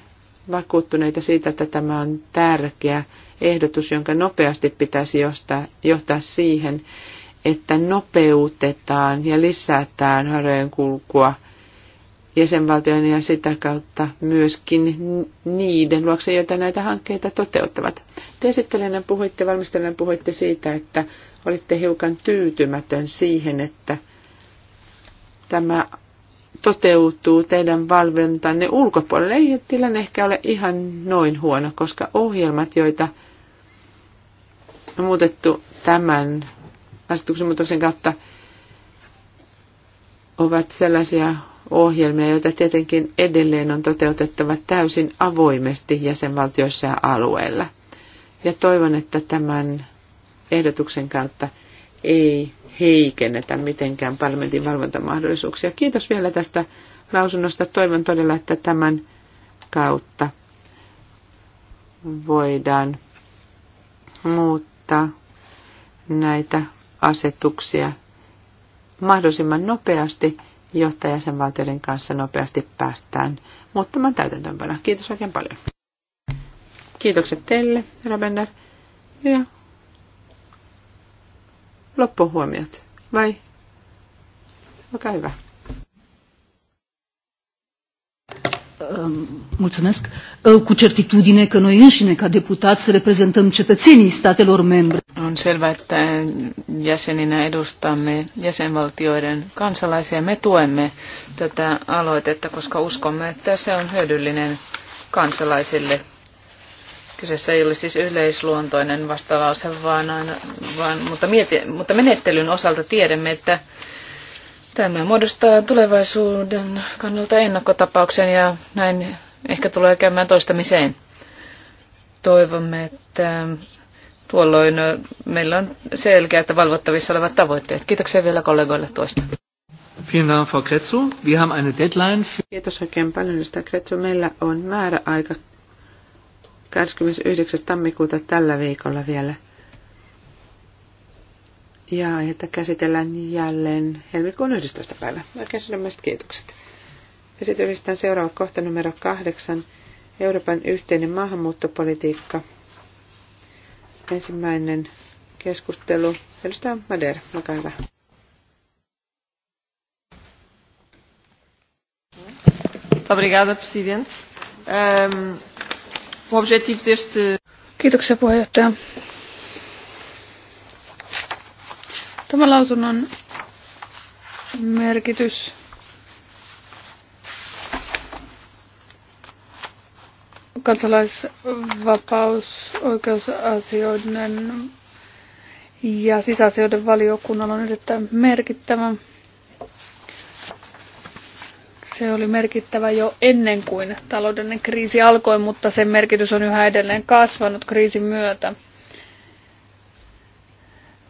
vakuuttuneita siitä, että tämä on tärkeä ehdotus, jonka nopeasti pitäisi johtaa, johtaa siihen, että nopeutetaan ja lisätään harjojen kulkua jäsenvaltioiden ja sitä kautta myöskin niiden luokse, joita näitä hankkeita toteuttavat. Te esittelijänä puhuitte, valmistelijana puhuitte siitä, että olitte hiukan tyytymätön siihen, että tämä toteutuu teidän valvontanne ulkopuolelle. Ei tilanne ehkä ole ihan noin huono, koska ohjelmat, joita on muutettu tämän asetuksen muutoksen kautta, ovat sellaisia ohjelmia, joita tietenkin edelleen on toteutettava täysin avoimesti jäsenvaltioissa ja alueilla. Ja toivon, että tämän ehdotuksen kautta – ei heikennetä mitenkään parlamentin valvontamahdollisuuksia. Kiitos vielä tästä lausunnosta. Toivon todella, että tämän kautta voidaan muuttaa näitä asetuksia mahdollisimman nopeasti, jotta jäsenvaltioiden kanssa nopeasti päästään muuttamaan täytäntöönpanoa. Kiitos oikein paljon. Kiitokset teille, Rabender. Ja loppuhuomiot, vai? Olkaa hyvä. Mulțumesc. Cu certitudine că noi înșine, ca deputați, să reprezentăm cetățenii statelor membre. On selvä, että jäseninä edustamme jäsenvaltioiden kansalaisia. Me tuemme tätä aloitetta, koska uskomme, että se on hyödyllinen kansalaisille Kyseessä ei ole siis yleisluontoinen vastalause, vaan, aina, vaan mutta, mieti, mutta menettelyn osalta tiedämme, että tämä muodostaa tulevaisuuden kannalta ennakkotapauksen ja näin ehkä tulee käymään toistamiseen. Toivomme, että tuolloin meillä on selkeä, että valvottavissa olevat tavoitteet. Kiitoksia vielä kollegoille tuosta. Vielen Dank, Frau Kretzu. Wir haben eine Deadline Kiitos oikein paljon, Kretsu. Meillä on määräaika 29. tammikuuta tällä viikolla vielä. Ja että käsitellään jälleen helmikuun 11. päivä. Oikein sydämestä kiitokset. Ja sitten yhdistetään seuraava kohta numero 8. Euroopan yhteinen maahanmuuttopolitiikka. Ensimmäinen keskustelu. Edustaja Mader, olkaa hyvä. Obrigada, presidente. Um, O objetivo deste... Kiitoksia puheenjohtaja. Tämän lausunnon merkitys kansalaisvapaus, oikeusasioiden ja sisäasioiden valiokunnalla on erittäin merkittävä. Se oli merkittävä jo ennen kuin taloudellinen kriisi alkoi, mutta sen merkitys on yhä edelleen kasvanut kriisin myötä.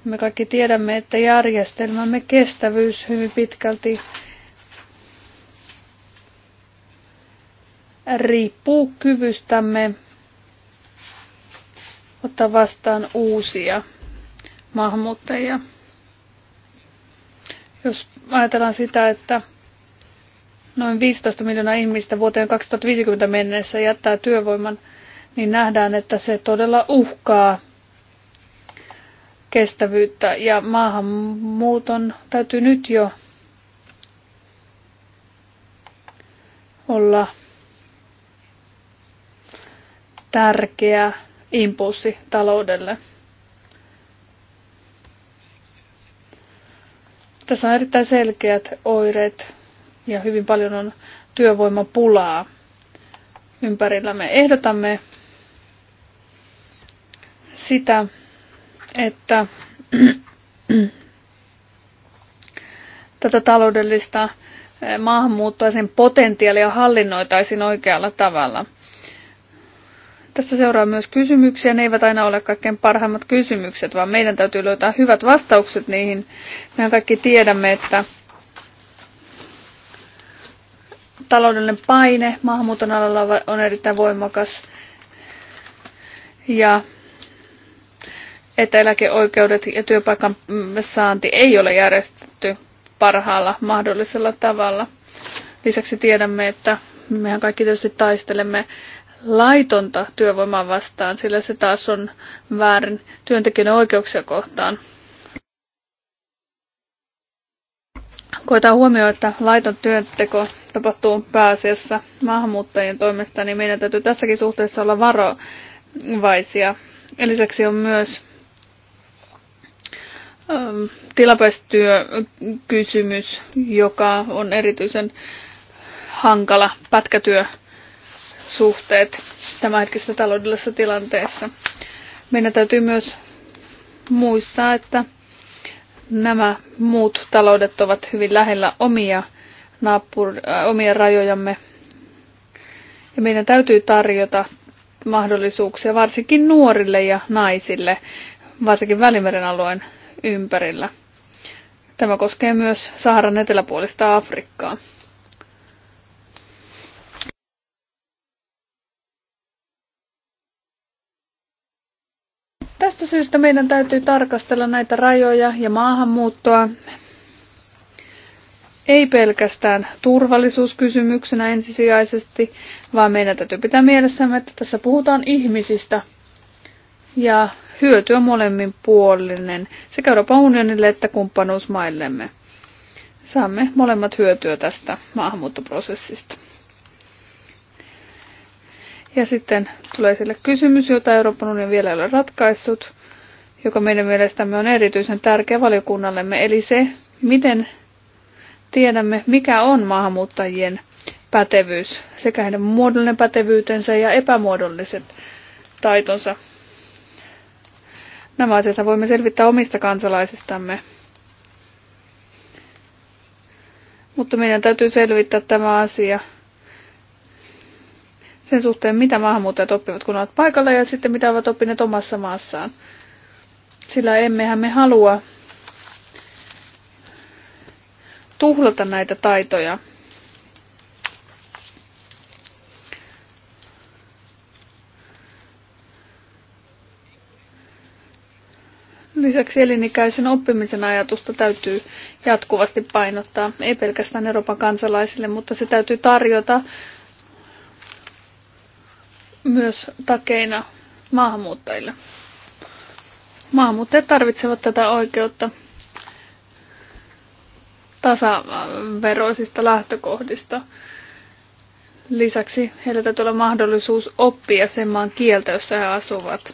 Me kaikki tiedämme, että järjestelmämme kestävyys hyvin pitkälti riippuu kyvystämme ottaa vastaan uusia maahanmuuttajia. Jos ajatellaan sitä, että noin 15 miljoonaa ihmistä vuoteen 2050 mennessä jättää työvoiman, niin nähdään, että se todella uhkaa kestävyyttä ja maahanmuuton täytyy nyt jo olla tärkeä impulssi taloudelle. Tässä on erittäin selkeät oireet ja hyvin paljon on työvoimapulaa ympärillämme. Ehdotamme sitä, että tätä taloudellista eh, maahanmuuttoa sen potentiaalia hallinnoitaisiin oikealla tavalla. Tästä seuraa myös kysymyksiä. Ne eivät aina ole kaikkein parhaimmat kysymykset, vaan meidän täytyy löytää hyvät vastaukset niihin. Mehän kaikki tiedämme, että taloudellinen paine maahanmuuton alalla on erittäin voimakas ja että eläkeoikeudet ja työpaikan saanti ei ole järjestetty parhaalla mahdollisella tavalla. Lisäksi tiedämme, että mehän kaikki tietysti taistelemme laitonta työvoimaa vastaan, sillä se taas on väärin työntekijöiden oikeuksia kohtaan. koetaan huomioida, että laiton työnteko tapahtuu pääasiassa maahanmuuttajien toimesta, niin meidän täytyy tässäkin suhteessa olla varovaisia. Ja lisäksi on myös ähm, tilapäistyökysymys, joka on erityisen hankala suhteet tämänhetkisessä taloudellisessa tilanteessa. Meidän täytyy myös muistaa, että nämä muut taloudet ovat hyvin lähellä omia, naapur- äh, omia rajojamme. Ja meidän täytyy tarjota mahdollisuuksia varsinkin nuorille ja naisille, varsinkin Välimeren alueen ympärillä. Tämä koskee myös Saharan eteläpuolista Afrikkaa. Tästä syystä meidän täytyy tarkastella näitä rajoja ja maahanmuuttoa ei pelkästään turvallisuuskysymyksenä ensisijaisesti, vaan meidän täytyy pitää mielessämme, että tässä puhutaan ihmisistä ja hyöty on molemmin puolinen sekä Euroopan unionille että kumppanuusmaillemme. Saamme molemmat hyötyä tästä maahanmuuttoprosessista. Ja sitten tulee sille kysymys, jota Euroopan unioni vielä ei ole ratkaissut, joka meidän mielestämme on erityisen tärkeä valiokunnallemme, eli se, miten tiedämme, mikä on maahanmuuttajien pätevyys, sekä heidän muodollinen pätevyytensä ja epämuodolliset taitonsa. Nämä asiat voimme selvittää omista kansalaisistamme. Mutta meidän täytyy selvittää tämä asia – sen suhteen, mitä maahanmuuttajat oppivat, kun ovat paikalla ja sitten mitä ovat oppineet omassa maassaan. Sillä emmehän me halua tuhlata näitä taitoja. Lisäksi elinikäisen oppimisen ajatusta täytyy jatkuvasti painottaa, ei pelkästään Euroopan kansalaisille, mutta se täytyy tarjota myös takeina maahanmuuttajille. Maahanmuuttajat tarvitsevat tätä oikeutta tasaveroisista lähtökohdista. Lisäksi heillä täytyy olla mahdollisuus oppia sen maan kieltä, jossa he asuvat.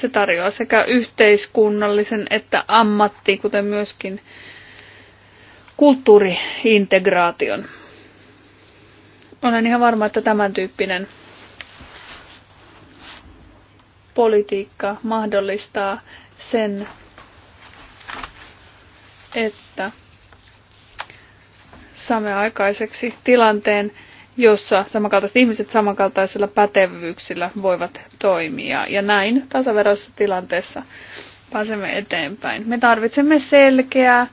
Se tarjoaa sekä yhteiskunnallisen että ammatti, kuten myöskin kulttuuriintegraation. Olen ihan varma, että tämän tyyppinen politiikka mahdollistaa sen, että saamme aikaiseksi tilanteen, jossa samankaltaiset ihmiset samankaltaisilla pätevyyksillä voivat toimia. Ja näin tasaveroisessa tilanteessa pääsemme eteenpäin. Me tarvitsemme selkeää,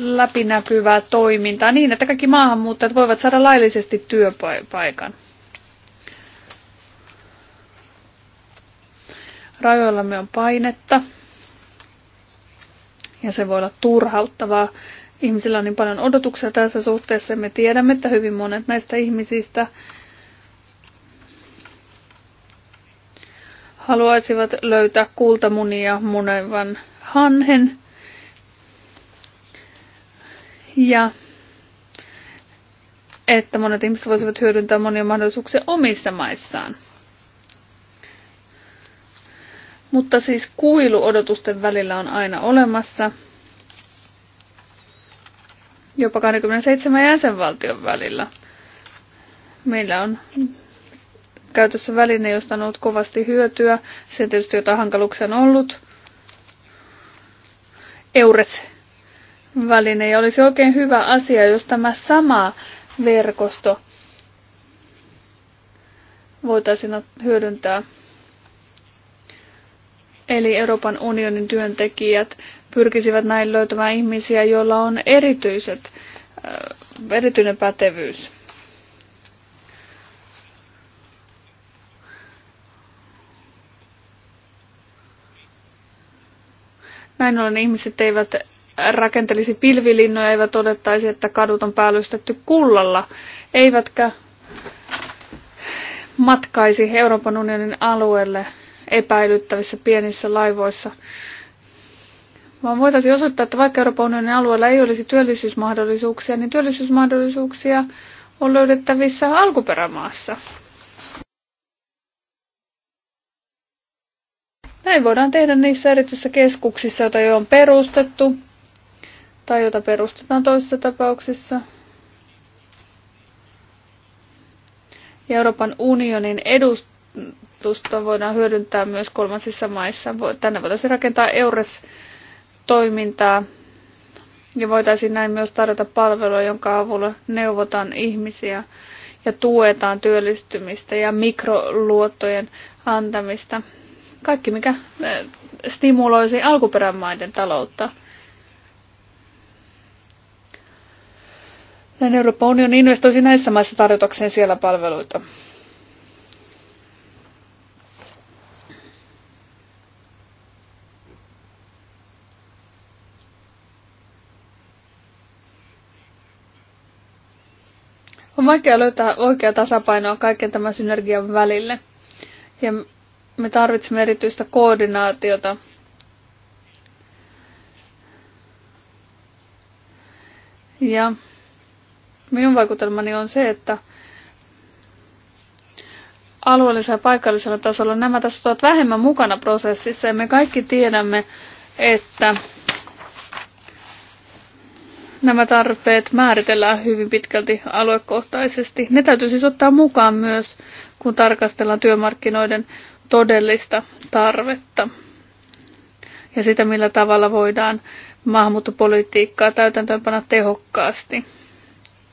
läpinäkyvää toimintaa niin, että kaikki maahanmuuttajat voivat saada laillisesti työpaikan. Rajoillamme on painetta ja se voi olla turhauttavaa. Ihmisillä on niin paljon odotuksia tässä suhteessa ja me tiedämme, että hyvin monet näistä ihmisistä haluaisivat löytää kultamunia munevan hanhen. Ja että monet ihmiset voisivat hyödyntää monia mahdollisuuksia omissa maissaan. Mutta siis kuilu odotusten välillä on aina olemassa. Jopa 27 jäsenvaltion välillä. Meillä on käytössä väline, josta on ollut kovasti hyötyä. Se tietysti jotain hankaluuksia on ollut. EURES-väline. Ja olisi oikein hyvä asia, jos tämä sama verkosto voitaisiin hyödyntää Eli Euroopan unionin työntekijät pyrkisivät näin löytämään ihmisiä, joilla on erityiset, äh, erityinen pätevyys. Näin ollen ihmiset eivät rakentelisi pilvilinnoja, eivät odottaisi, että kadut on päällystetty kullalla, eivätkä matkaisi Euroopan unionin alueelle epäilyttävissä pienissä laivoissa, vaan voitaisiin osoittaa, että vaikka Euroopan unionin alueella ei olisi työllisyysmahdollisuuksia, niin työllisyysmahdollisuuksia on löydettävissä alkuperämaassa. Näin voidaan tehdä niissä erityisissä keskuksissa, joita jo on perustettu tai jota perustetaan toisissa tapauksissa. Euroopan unionin edust koulutusta voidaan hyödyntää myös kolmansissa maissa. Tänne voitaisiin rakentaa EURES-toimintaa ja voitaisiin näin myös tarjota palvelua, jonka avulla neuvotaan ihmisiä ja tuetaan työllistymistä ja mikroluottojen antamista. Kaikki, mikä eh, stimuloisi alkuperämaiden taloutta. Näin Euroopan unioni investoisi näissä maissa tarjotakseen siellä palveluita. On vaikea löytää oikea tasapainoa kaiken tämän synergian välille. Ja me tarvitsemme erityistä koordinaatiota. Ja minun vaikutelmani on se, että alueellisella ja paikallisella tasolla nämä tasot ovat vähemmän mukana prosessissa ja me kaikki tiedämme, että nämä tarpeet määritellään hyvin pitkälti aluekohtaisesti. Ne täytyy siis ottaa mukaan myös, kun tarkastellaan työmarkkinoiden todellista tarvetta ja sitä, millä tavalla voidaan maahanmuuttopolitiikkaa täytäntöönpana tehokkaasti.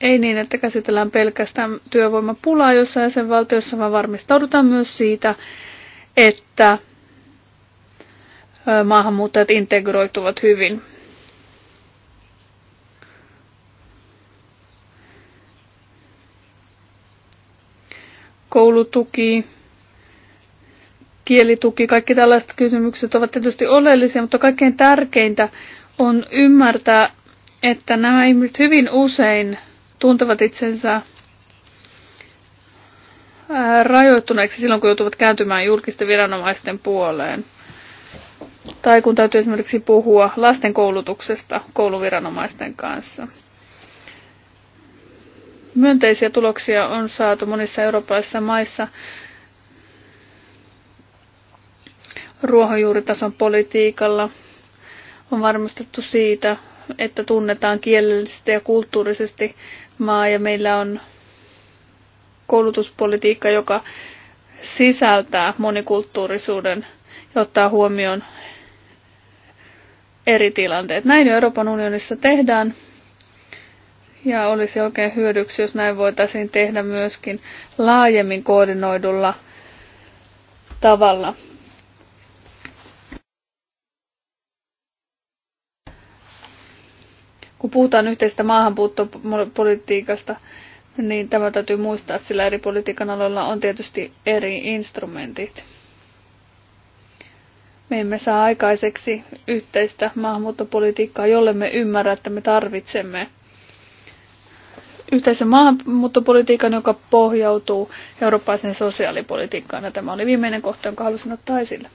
Ei niin, että käsitellään pelkästään työvoimapulaa jossain valtiossa, vaan varmistaudutaan myös siitä, että maahanmuuttajat integroituvat hyvin koulutuki, kielituki, kaikki tällaiset kysymykset ovat tietysti oleellisia, mutta kaikkein tärkeintä on ymmärtää, että nämä ihmiset hyvin usein tuntevat itsensä rajoittuneeksi silloin, kun joutuvat kääntymään julkisten viranomaisten puoleen. Tai kun täytyy esimerkiksi puhua lasten koulutuksesta kouluviranomaisten kanssa. Myönteisiä tuloksia on saatu monissa eurooppalaisissa maissa ruohonjuuritason politiikalla. On varmistettu siitä, että tunnetaan kielellisesti ja kulttuurisesti maa ja meillä on koulutuspolitiikka, joka sisältää monikulttuurisuuden ja ottaa huomioon eri tilanteet. Näin Euroopan unionissa tehdään ja olisi oikein hyödyksi, jos näin voitaisiin tehdä myöskin laajemmin koordinoidulla tavalla. Kun puhutaan yhteisestä maahanpuuttopolitiikasta, niin tämä täytyy muistaa, sillä eri politiikan aloilla on tietysti eri instrumentit. Me emme saa aikaiseksi yhteistä maahanmuuttopolitiikkaa, jolle me ymmärrä, että me tarvitsemme yhteisen maahanmuuttopolitiikan, joka pohjautuu eurooppalaisen sosiaalipolitiikkaan. Ja tämä oli viimeinen kohta, jonka halusin ottaa esille.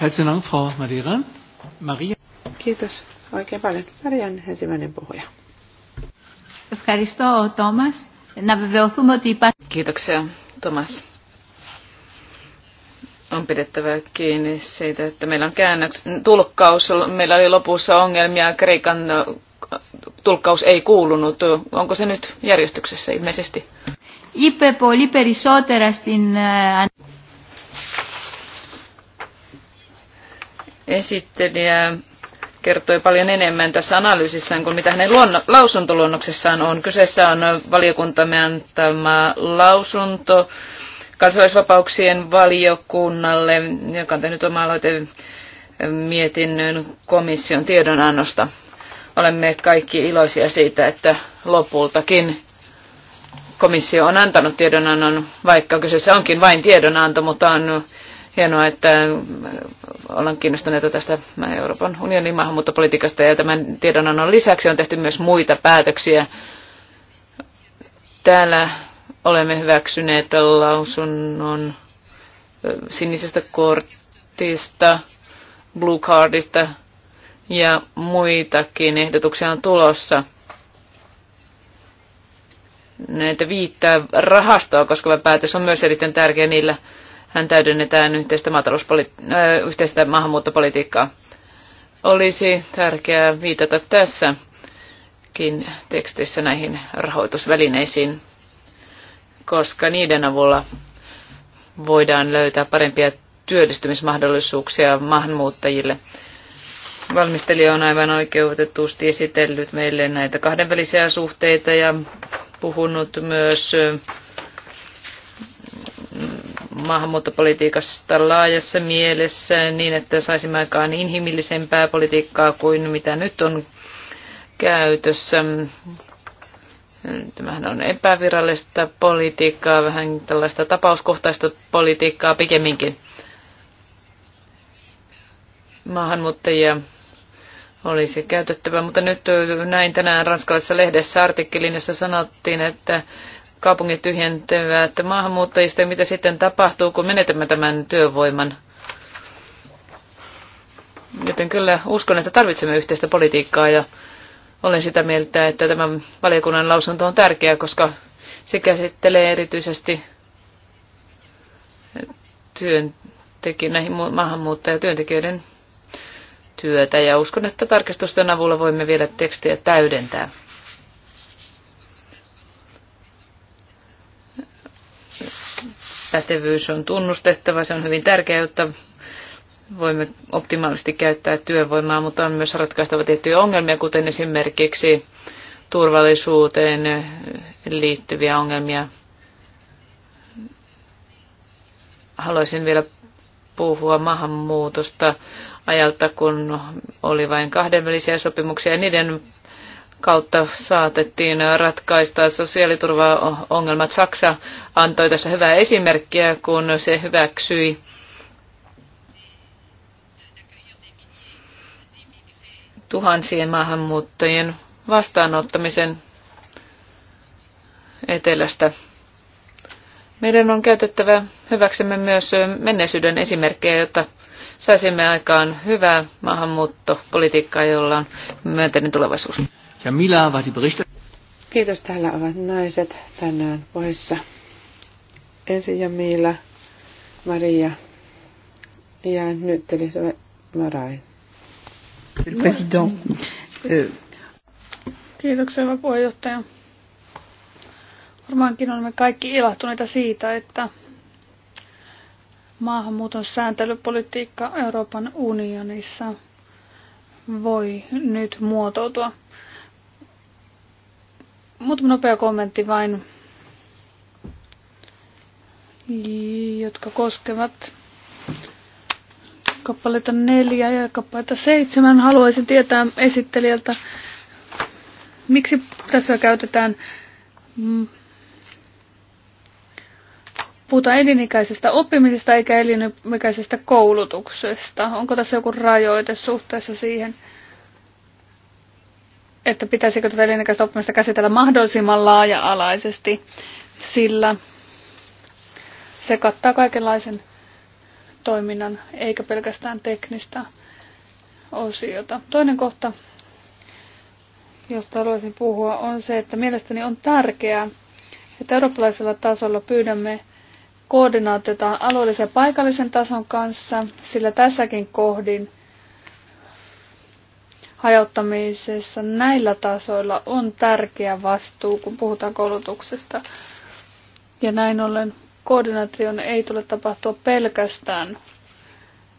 Herzlichen Dank, Frau Maria. Kiitos oikein paljon. Marian ensimmäinen puhuja. Ευχαριστώ, Τόμας. Thomas, On pidettävä kiinni siitä, että meillä on käännöks... tulkkaus. Meillä oli lopussa ongelmia Kreikan tulkkaus ei kuulunut. Onko se nyt järjestyksessä ilmeisesti? Είπε πολύ περισσότερα στην... Esittelijä kertoi paljon enemmän tässä analyysissään kuin mitä hänen luonno- lausuntoluonnoksessaan on. Kyseessä on valiokuntamme antama lausunto kansalaisvapauksien valiokunnalle, joka on tehnyt oma aloite mietinnön komission tiedonannosta. Olemme kaikki iloisia siitä, että lopultakin komissio on antanut tiedonannon, vaikka kyseessä onkin vain tiedonanto, mutta on hienoa, että ollaan kiinnostuneita tästä Euroopan unionin maahanmuuttopolitiikasta ja tämän tiedonannon lisäksi on tehty myös muita päätöksiä. Täällä olemme hyväksyneet lausunnon sinisestä kortista, blue cardista, ja muitakin ehdotuksia on tulossa. Näitä viittää rahastoa koskeva päätös on myös erittäin tärkeä. Niillä hän täydennetään yhteistä, maatalouspoli- yhteistä maahanmuuttopolitiikkaa. Olisi tärkeää viitata tässäkin tekstissä näihin rahoitusvälineisiin, koska niiden avulla voidaan löytää parempia työllistymismahdollisuuksia maahanmuuttajille – Valmistelija on aivan oikeutetusti esitellyt meille näitä kahdenvälisiä suhteita ja puhunut myös maahanmuuttopolitiikasta laajassa mielessä niin, että saisimme aikaan inhimillisempää politiikkaa kuin mitä nyt on käytössä. Tämähän on epävirallista politiikkaa, vähän tällaista tapauskohtaista politiikkaa pikemminkin. Maahanmuuttajia olisi käytettävä. Mutta nyt näin tänään ranskalaisessa lehdessä artikkelin, jossa sanottiin, että kaupungit tyhjentävät maahanmuuttajista ja mitä sitten tapahtuu, kun menetämme tämän työvoiman. Joten kyllä uskon, että tarvitsemme yhteistä politiikkaa ja olen sitä mieltä, että tämä valiokunnan lausunto on tärkeä, koska se käsittelee erityisesti työntekijä, näihin työntekijöiden työtä ja uskon, että tarkistusten avulla voimme vielä tekstiä täydentää. Pätevyys on tunnustettava, se on hyvin tärkeää, jotta voimme optimaalisesti käyttää työvoimaa, mutta on myös ratkaistava tiettyjä ongelmia, kuten esimerkiksi turvallisuuteen liittyviä ongelmia. Haluaisin vielä puhua maahanmuutosta ajalta, kun oli vain kahdenvälisiä sopimuksia ja niiden kautta saatettiin ratkaista sosiaaliturvaongelmat. Saksa antoi tässä hyvää esimerkkiä, kun se hyväksyi tuhansien maahanmuuttajien vastaanottamisen etelästä. Meidän on käytettävä hyväksemme myös menneisyyden esimerkkejä, jotta saisimme aikaan hyvää maahanmuuttopolitiikkaa, jolla on myönteinen tulevaisuus. Ja Mila war die Kiitos, täällä ovat naiset tänään poissa. Ensin Mila, Maria ja nyt Elisabeth Marain. President. Euh, Kiitoksia, hyvä puheenjohtaja. Varmaankin olemme kaikki ilahtuneita siitä, että maahanmuuton sääntelypolitiikka Euroopan unionissa voi nyt muotoutua. Muutama nopea kommentti vain, jotka koskevat kappaleita neljä ja kappaleita seitsemän. Haluaisin tietää esittelijältä, miksi tässä käytetään puhutaan elinikäisestä oppimisesta eikä elinikäisestä koulutuksesta. Onko tässä joku rajoite suhteessa siihen, että pitäisikö tätä elinikäistä oppimista käsitellä mahdollisimman laaja-alaisesti, sillä se kattaa kaikenlaisen toiminnan eikä pelkästään teknistä osiota. Toinen kohta, josta haluaisin puhua, on se, että mielestäni on tärkeää, että eurooppalaisella tasolla pyydämme koordinaatiota alueellisen ja paikallisen tason kanssa, sillä tässäkin kohdin hajauttamisessa näillä tasoilla on tärkeä vastuu, kun puhutaan koulutuksesta. Ja näin ollen koordinaation ei tule tapahtua pelkästään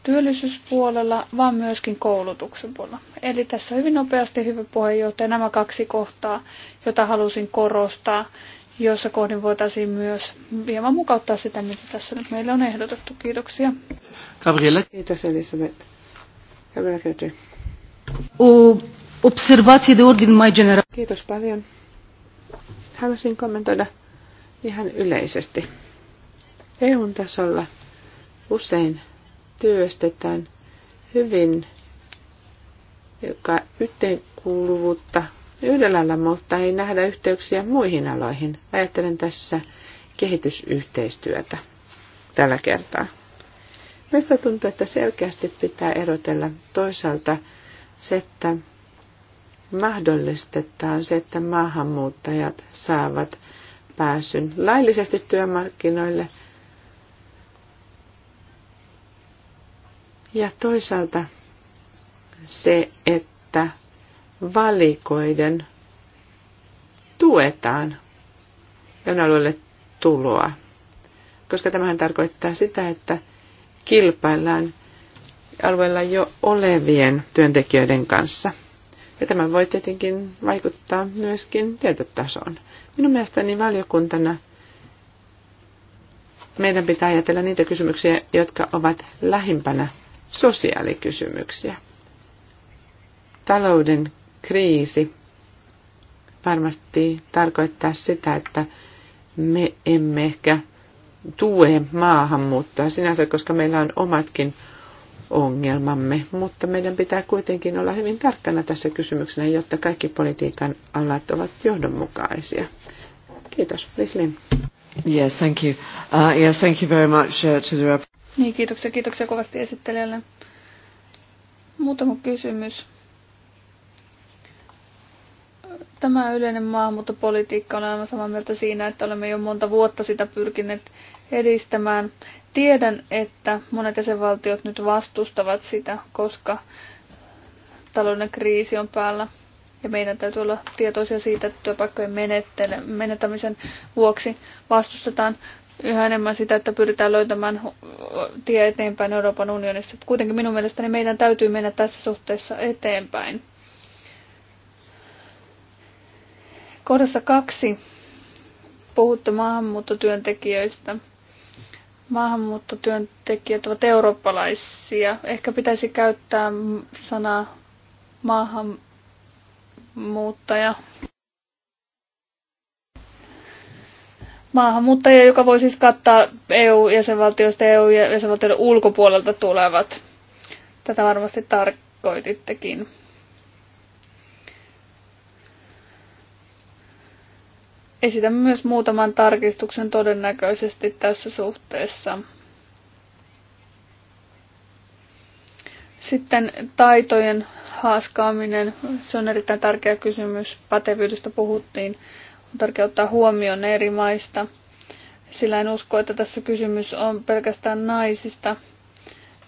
työllisyyspuolella, vaan myöskin koulutuksen puolella. Eli tässä hyvin nopeasti, hyvä puheenjohtaja, nämä kaksi kohtaa, joita halusin korostaa jossa kohdin voitaisiin myös hieman mukauttaa sitä, mitä tässä nyt meille on ehdotettu. Kiitoksia. Gabriele. Kiitos Elisabeth. Hyvää Kötri. Observaatio de ordin mai general. Kiitos paljon. Haluaisin kommentoida ihan yleisesti. EUn tasolla usein työstetään hyvin joka yhteenkuuluvuutta yhdellä alalla, mutta ei nähdä yhteyksiä muihin aloihin. Ajattelen tässä kehitysyhteistyötä tällä kertaa. Meistä tuntuu, että selkeästi pitää erotella toisaalta se, että mahdollistetaan se, että maahanmuuttajat saavat pääsyn laillisesti työmarkkinoille. Ja toisaalta se, että valikoiden tuetaan jonalueelle tuloa. Koska tämähän tarkoittaa sitä, että kilpaillaan alueella jo olevien työntekijöiden kanssa. Ja tämä voi tietenkin vaikuttaa myöskin tietotasoon. Minun mielestäni valiokuntana meidän pitää ajatella niitä kysymyksiä, jotka ovat lähimpänä sosiaalikysymyksiä. Talouden kriisi varmasti tarkoittaa sitä, että me emme ehkä tue maahanmuuttoa sinänsä, koska meillä on omatkin ongelmamme, mutta meidän pitää kuitenkin olla hyvin tarkkana tässä kysymyksenä, jotta kaikki politiikan alat ovat johdonmukaisia. Kiitos, Lislin. Yes, thank you. Uh, yes, thank you very much uh, to the... Niin, kiitoksia, kiitoksia kovasti esittelijälle. Muutama kysymys tämä yleinen maahanmuuttopolitiikka on aivan samaa mieltä siinä, että olemme jo monta vuotta sitä pyrkineet edistämään. Tiedän, että monet jäsenvaltiot nyt vastustavat sitä, koska talouden kriisi on päällä ja meidän täytyy olla tietoisia siitä, että työpaikkojen menettämisen vuoksi vastustetaan yhä enemmän sitä, että pyritään löytämään tie eteenpäin Euroopan unionissa. Kuitenkin minun mielestäni meidän täytyy mennä tässä suhteessa eteenpäin. Kohdassa kaksi puhuttu maahanmuuttotyöntekijöistä. Maahanmuuttotyöntekijät ovat eurooppalaisia. Ehkä pitäisi käyttää sanaa maahanmuuttaja. Maahanmuuttaja, joka voi siis kattaa EU-jäsenvaltioista ja EU-jäsenvaltioiden ulkopuolelta tulevat. Tätä varmasti tarkoitittekin. esitän myös muutaman tarkistuksen todennäköisesti tässä suhteessa. Sitten taitojen haaskaaminen, se on erittäin tärkeä kysymys. Pätevyydestä puhuttiin, on tärkeää ottaa huomioon eri maista. Sillä en usko, että tässä kysymys on pelkästään naisista.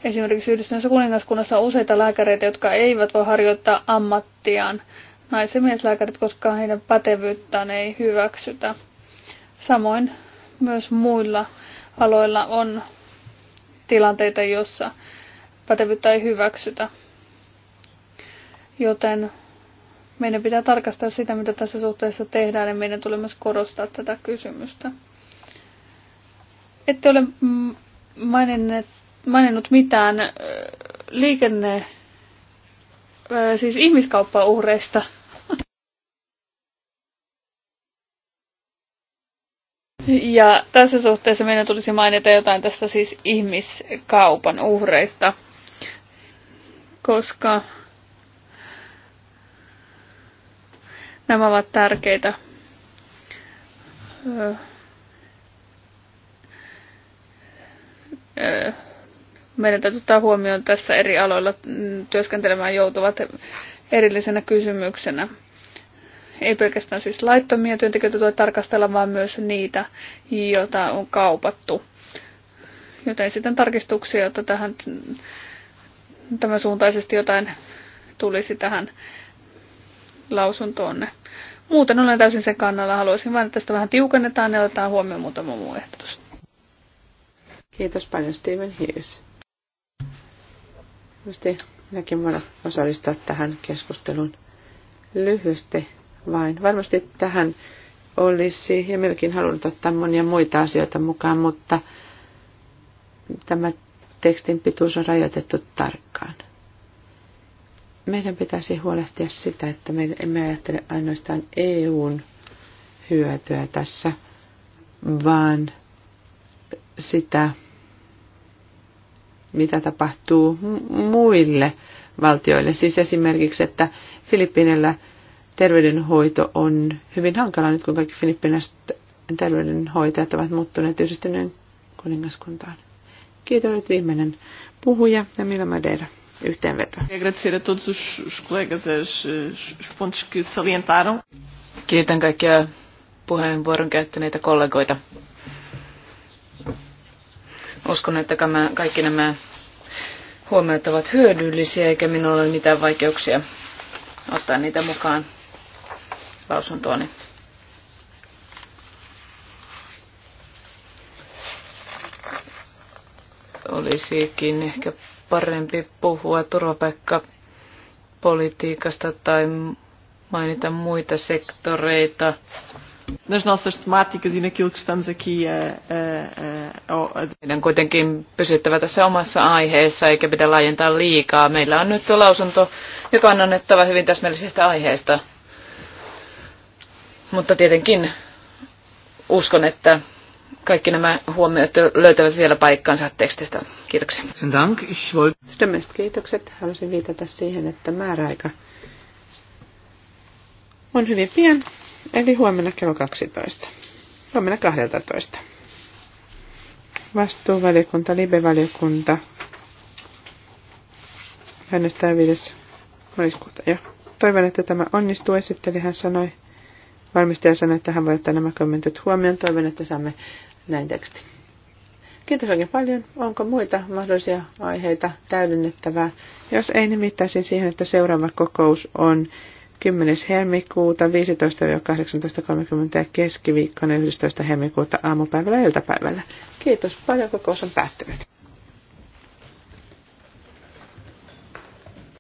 Esimerkiksi yhdistyneessä kuningaskunnassa on useita lääkäreitä, jotka eivät voi harjoittaa ammattiaan nais- ja mieslääkärit, koska heidän pätevyyttään ei hyväksytä. Samoin myös muilla aloilla on tilanteita, joissa pätevyyttä ei hyväksytä. Joten meidän pitää tarkastaa sitä, mitä tässä suhteessa tehdään, ja meidän tulee myös korostaa tätä kysymystä. Ette ole maininneet, maininnut mitään liikenne, siis ihmiskauppauhreista. Ja tässä suhteessa meidän tulisi mainita jotain tästä siis ihmiskaupan uhreista, koska nämä ovat tärkeitä öö, meidän täytyy ottaa huomioon tässä eri aloilla mm, työskentelemään joutuvat erillisenä kysymyksenä ei pelkästään siis laittomia työntekijöitä tulee tarkastella, vaan myös niitä, joita on kaupattu. Joten sitten tarkistuksia, jotta tähän tämän suuntaisesti jotain tulisi tähän lausuntoonne. Muuten olen täysin sen kannalla. Haluaisin vain, että tästä vähän tiukennetaan ja otetaan huomioon muutama muu ehdotus. Kiitos paljon Steven Hughes. minäkin voin osallistua tähän keskusteluun lyhyesti vain. Varmasti tähän olisi, ja melkein halunnut ottaa monia muita asioita mukaan, mutta tämä tekstin pituus on rajoitettu tarkkaan. Meidän pitäisi huolehtia sitä, että me emme ajattele ainoastaan EUn hyötyä tässä, vaan sitä, mitä tapahtuu muille valtioille. Siis esimerkiksi, että Filippiinillä – terveydenhoito on hyvin hankala nyt, kun kaikki filippiläiset terveydenhoitajat ovat muuttuneet yhdistyneen kuningaskuntaan. Kiitos nyt viimeinen puhuja ja Mila Madeira. Yhteenveto. Kiitän kaikkia puheenvuoron käyttäneitä kollegoita. Uskon, että kaikki nämä huomiot ovat hyödyllisiä, eikä minulla ole mitään vaikeuksia ottaa niitä mukaan lausuntooni. Olisikin ehkä parempi puhua turvapaikkapolitiikasta tai mainita muita sektoreita. Nas nossas temáticas e naquilo que estamos aqui a, Meidän kuitenkin pysyttävä tässä omassa aiheessa eikä pidä laajentaa liikaa. Meillä on nyt lausunto, joka on annettava hyvin täsmällisestä aiheesta. Mutta tietenkin uskon, että kaikki nämä huomiot löytävät vielä paikkaansa tekstistä. Kiitoksia. Dank. Ich Sydämestä kiitokset. Halusin viitata siihen, että määräaika on hyvin pian, eli huomenna kello 12. Huomenna 12. Vastuuvaliokunta, Libe-valiokunta, 5. maaliskuuta jo. Toivon, että tämä onnistuu, esitteli hän sanoi. Valmistaja sanoi, että hän voi ottaa nämä kommentit huomioon. Toivon, että saamme näin tekstin. Kiitos oikein paljon. Onko muita mahdollisia aiheita täydennettävää? Jos ei, nimittäisin niin siihen, että seuraava kokous on 10. helmikuuta 15-18.30 ja keskiviikkona 11. helmikuuta aamupäivällä ja iltapäivällä. Kiitos paljon, kokous on päättynyt.